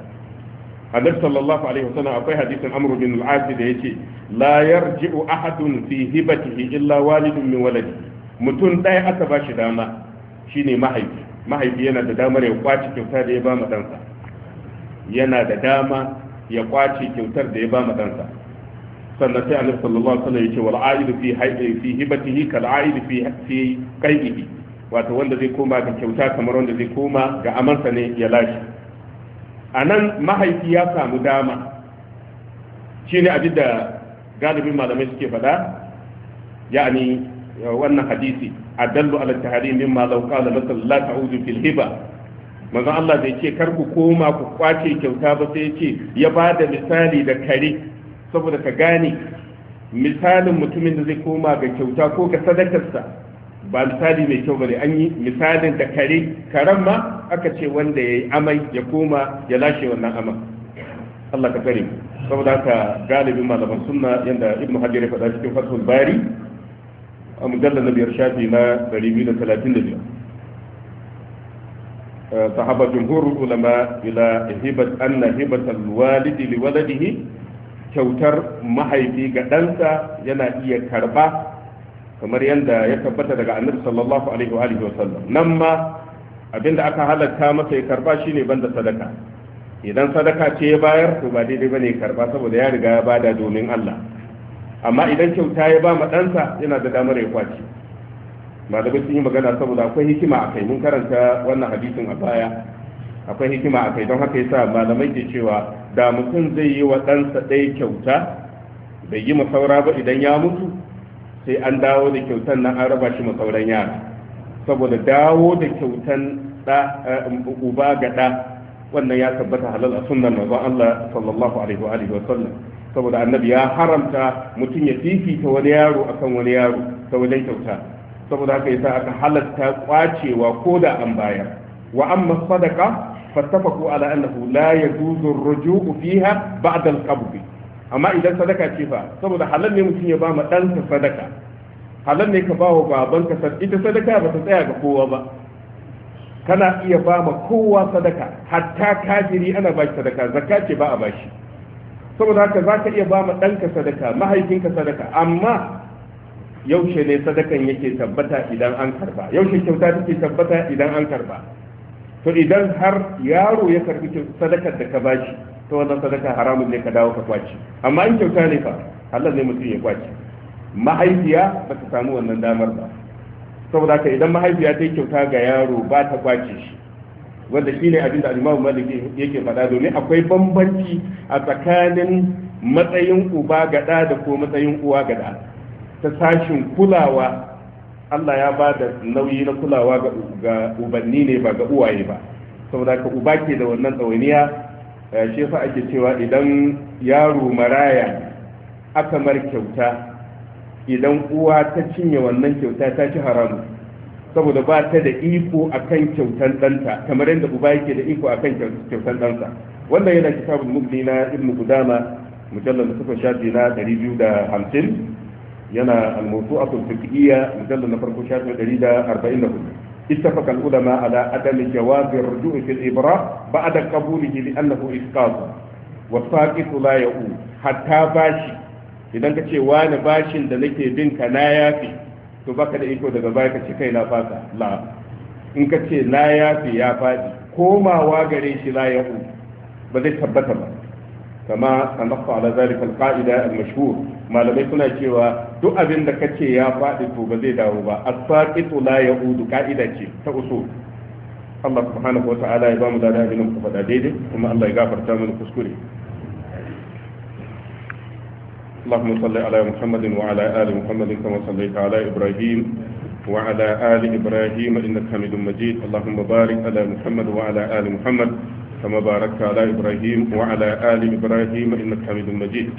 annabi sallallahu alaihi wasallam akwai hadisin amru bin al-as da yace la yarji'u ahadun fi hibatihi illa walidun min waladi mutum ɗaya aka ba shi dama shine mahaifi mahaifi yana da damar ya kyauta da ya ba ma yana da dama ya kwace kyautar da ya ba ma ɗansa sannan sai annabi sallallahu alaihi wasallam yace wal a'idu fi haidi fi hibatihi kal a'idu fi fi qaidihi wato wanda zai koma ga kyauta kamar wanda zai koma ga amansa ne ya lashe anan mahaifi ya samu dama shine abin da galibin malamai suke faɗa yani wannan hadisi adallu ala tahrim mimma law qala la ta'udu fil hiba manzo Allah zai ce kar ku koma ku kwace kyauta ba sai ce ya ba da misali da kare saboda ka gane misalin mutumin da zai koma ga kyauta ko ga sadakarsa ba misali mai kyau bane an yi misalin da kare karen ma aka ce wanda ya yi amai ya koma ya lashe wannan aman Allah ka kare saboda haka galibin malaman sunna yanda ibnu hajar ya faɗa cikin fasul bari a mujallar na biyar shafi na 235 ذهب جمهور العلماء إلى هبة أن هبة الوالد لولده kyautar mahaifi ga ɗansa yana iya karba kamar yadda ya tabbata daga annabi sallallahu alaihi wa alihi wasallam nan ma abinda aka halatta masa ya karba shine banda sadaka idan sadaka ce ya bayar to ba daidai bane ya karba saboda ya riga ya bada domin Allah amma idan kyauta ya ba ma ɗansa yana da damar ya kwace malamai sun yi magana saboda akwai hikima a kai mun karanta wannan hadisin a baya akwai hikima kai don haka yasa malamai ke cewa da mutum zai yi wa ɗansa ɗaya kyauta bai yi masaura ba idan ya mutu sai an dawo da kyautan nan an raba shi masauran yara saboda dawo da kyautan eh, uba ga ɗa wannan ya tabbata halal a sunnan manzon Allah sallallahu alaihi wa alihi wa sallam saboda annabi ya haramta mutum ya fifita wani yaro akan wani yaro ta wajen kyauta saboda haka yasa aka halatta kwacewa ko da an bayar wa'amma sadaka fatafa ko ala annahu ya yajuzu ar-ruju'u fiha ba'da al-qabd amma idan sadaka ce fa saboda halal ne mutum ya ba ma sadaka halal ne ka babanka sadaka ba ta tsaya ga kowa ba kana iya ba ma kowa sadaka hatta kafiri ana ba shi sadaka zakka ce ba a ba shi saboda haka za ka iya ba ma ɗanka sadaka mahaifinka sadaka amma yaushe ne sadakan yake tabbata idan an karba yaushe kyauta take tabbata idan an karba to idan har yaro ya karbi sadakar da ka bashi to wannan sadaka haramun ne ka dawo ka kwaci amma in kyauta ne fa halal ne mutum ya kwaci mahaifiya ba ta samu wannan damar ba saboda haka idan mahaifiya ta yi kyauta ga yaro ba ta kwace shi wanda shine abin da alimamu malik yake faɗa domin akwai bambanci a tsakanin matsayin uba ga da ko matsayin uwa ga ta sashin kulawa Allah ya ba da nauyi na kulawa ga ubanni ne ba ga uwaye ba saboda ka uba ke da wannan ɗawainiya eh, shi fa ake cewa idan yaro maraya aka mar kyauta idan uwa ta cinye wannan kyauta ta ci haramu saboda ba ta da iko akan kyautan ɗanta kamar yadda uba yake da iko akan kyautan ɗansa wannan yana kitabul mubni na ibnu gudama mujallar da suka shafi na 250 yana al-mawsu'atu al-fiqhiyya mujallal na farko shafi 144 ittafaqa al-ulama ala adam jawaz ar-ruju' fi al-ibra ba'da qabulihi li annahu isqat wa saqit la ya'u hatta bashi idan ka ce wani bashin da nake bin ka na yafi to baka da iko daga baya ka ce kai na fasa la in ka ce na yafi ya fadi komawa gare shi la ya'u ba zai tabbata ba kama sanakta ala zalika alqaida almashhur malamai suna cewa duk abin da kace ya faɗi to ba zai dawo ba as-saqitu la ya'udu qaida ce ta usul Allah subhanahu wa ta'ala ya ba mu da اللهم صل على محمد وعلى آل محمد كما صليت على إبراهيم وعلى آل إبراهيم إنك حميد مجيد اللهم بارك على محمد وعلى آل محمد كما باركت على إبراهيم وعلى آل إبراهيم إنك حميد مجيد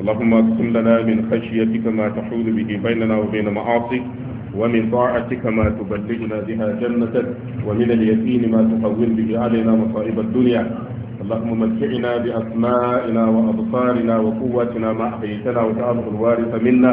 اللهم اقسم لنا من خشيتك ما تحول به بيننا وبين معاصيك ومن طاعتك ما تبلغنا بها جنتك ومن اليقين ما تحول به علينا مصائب الدنيا اللهم متعنا بأسمائنا وأبصارنا وقوتنا ما أحييتنا وجعله الوارث منا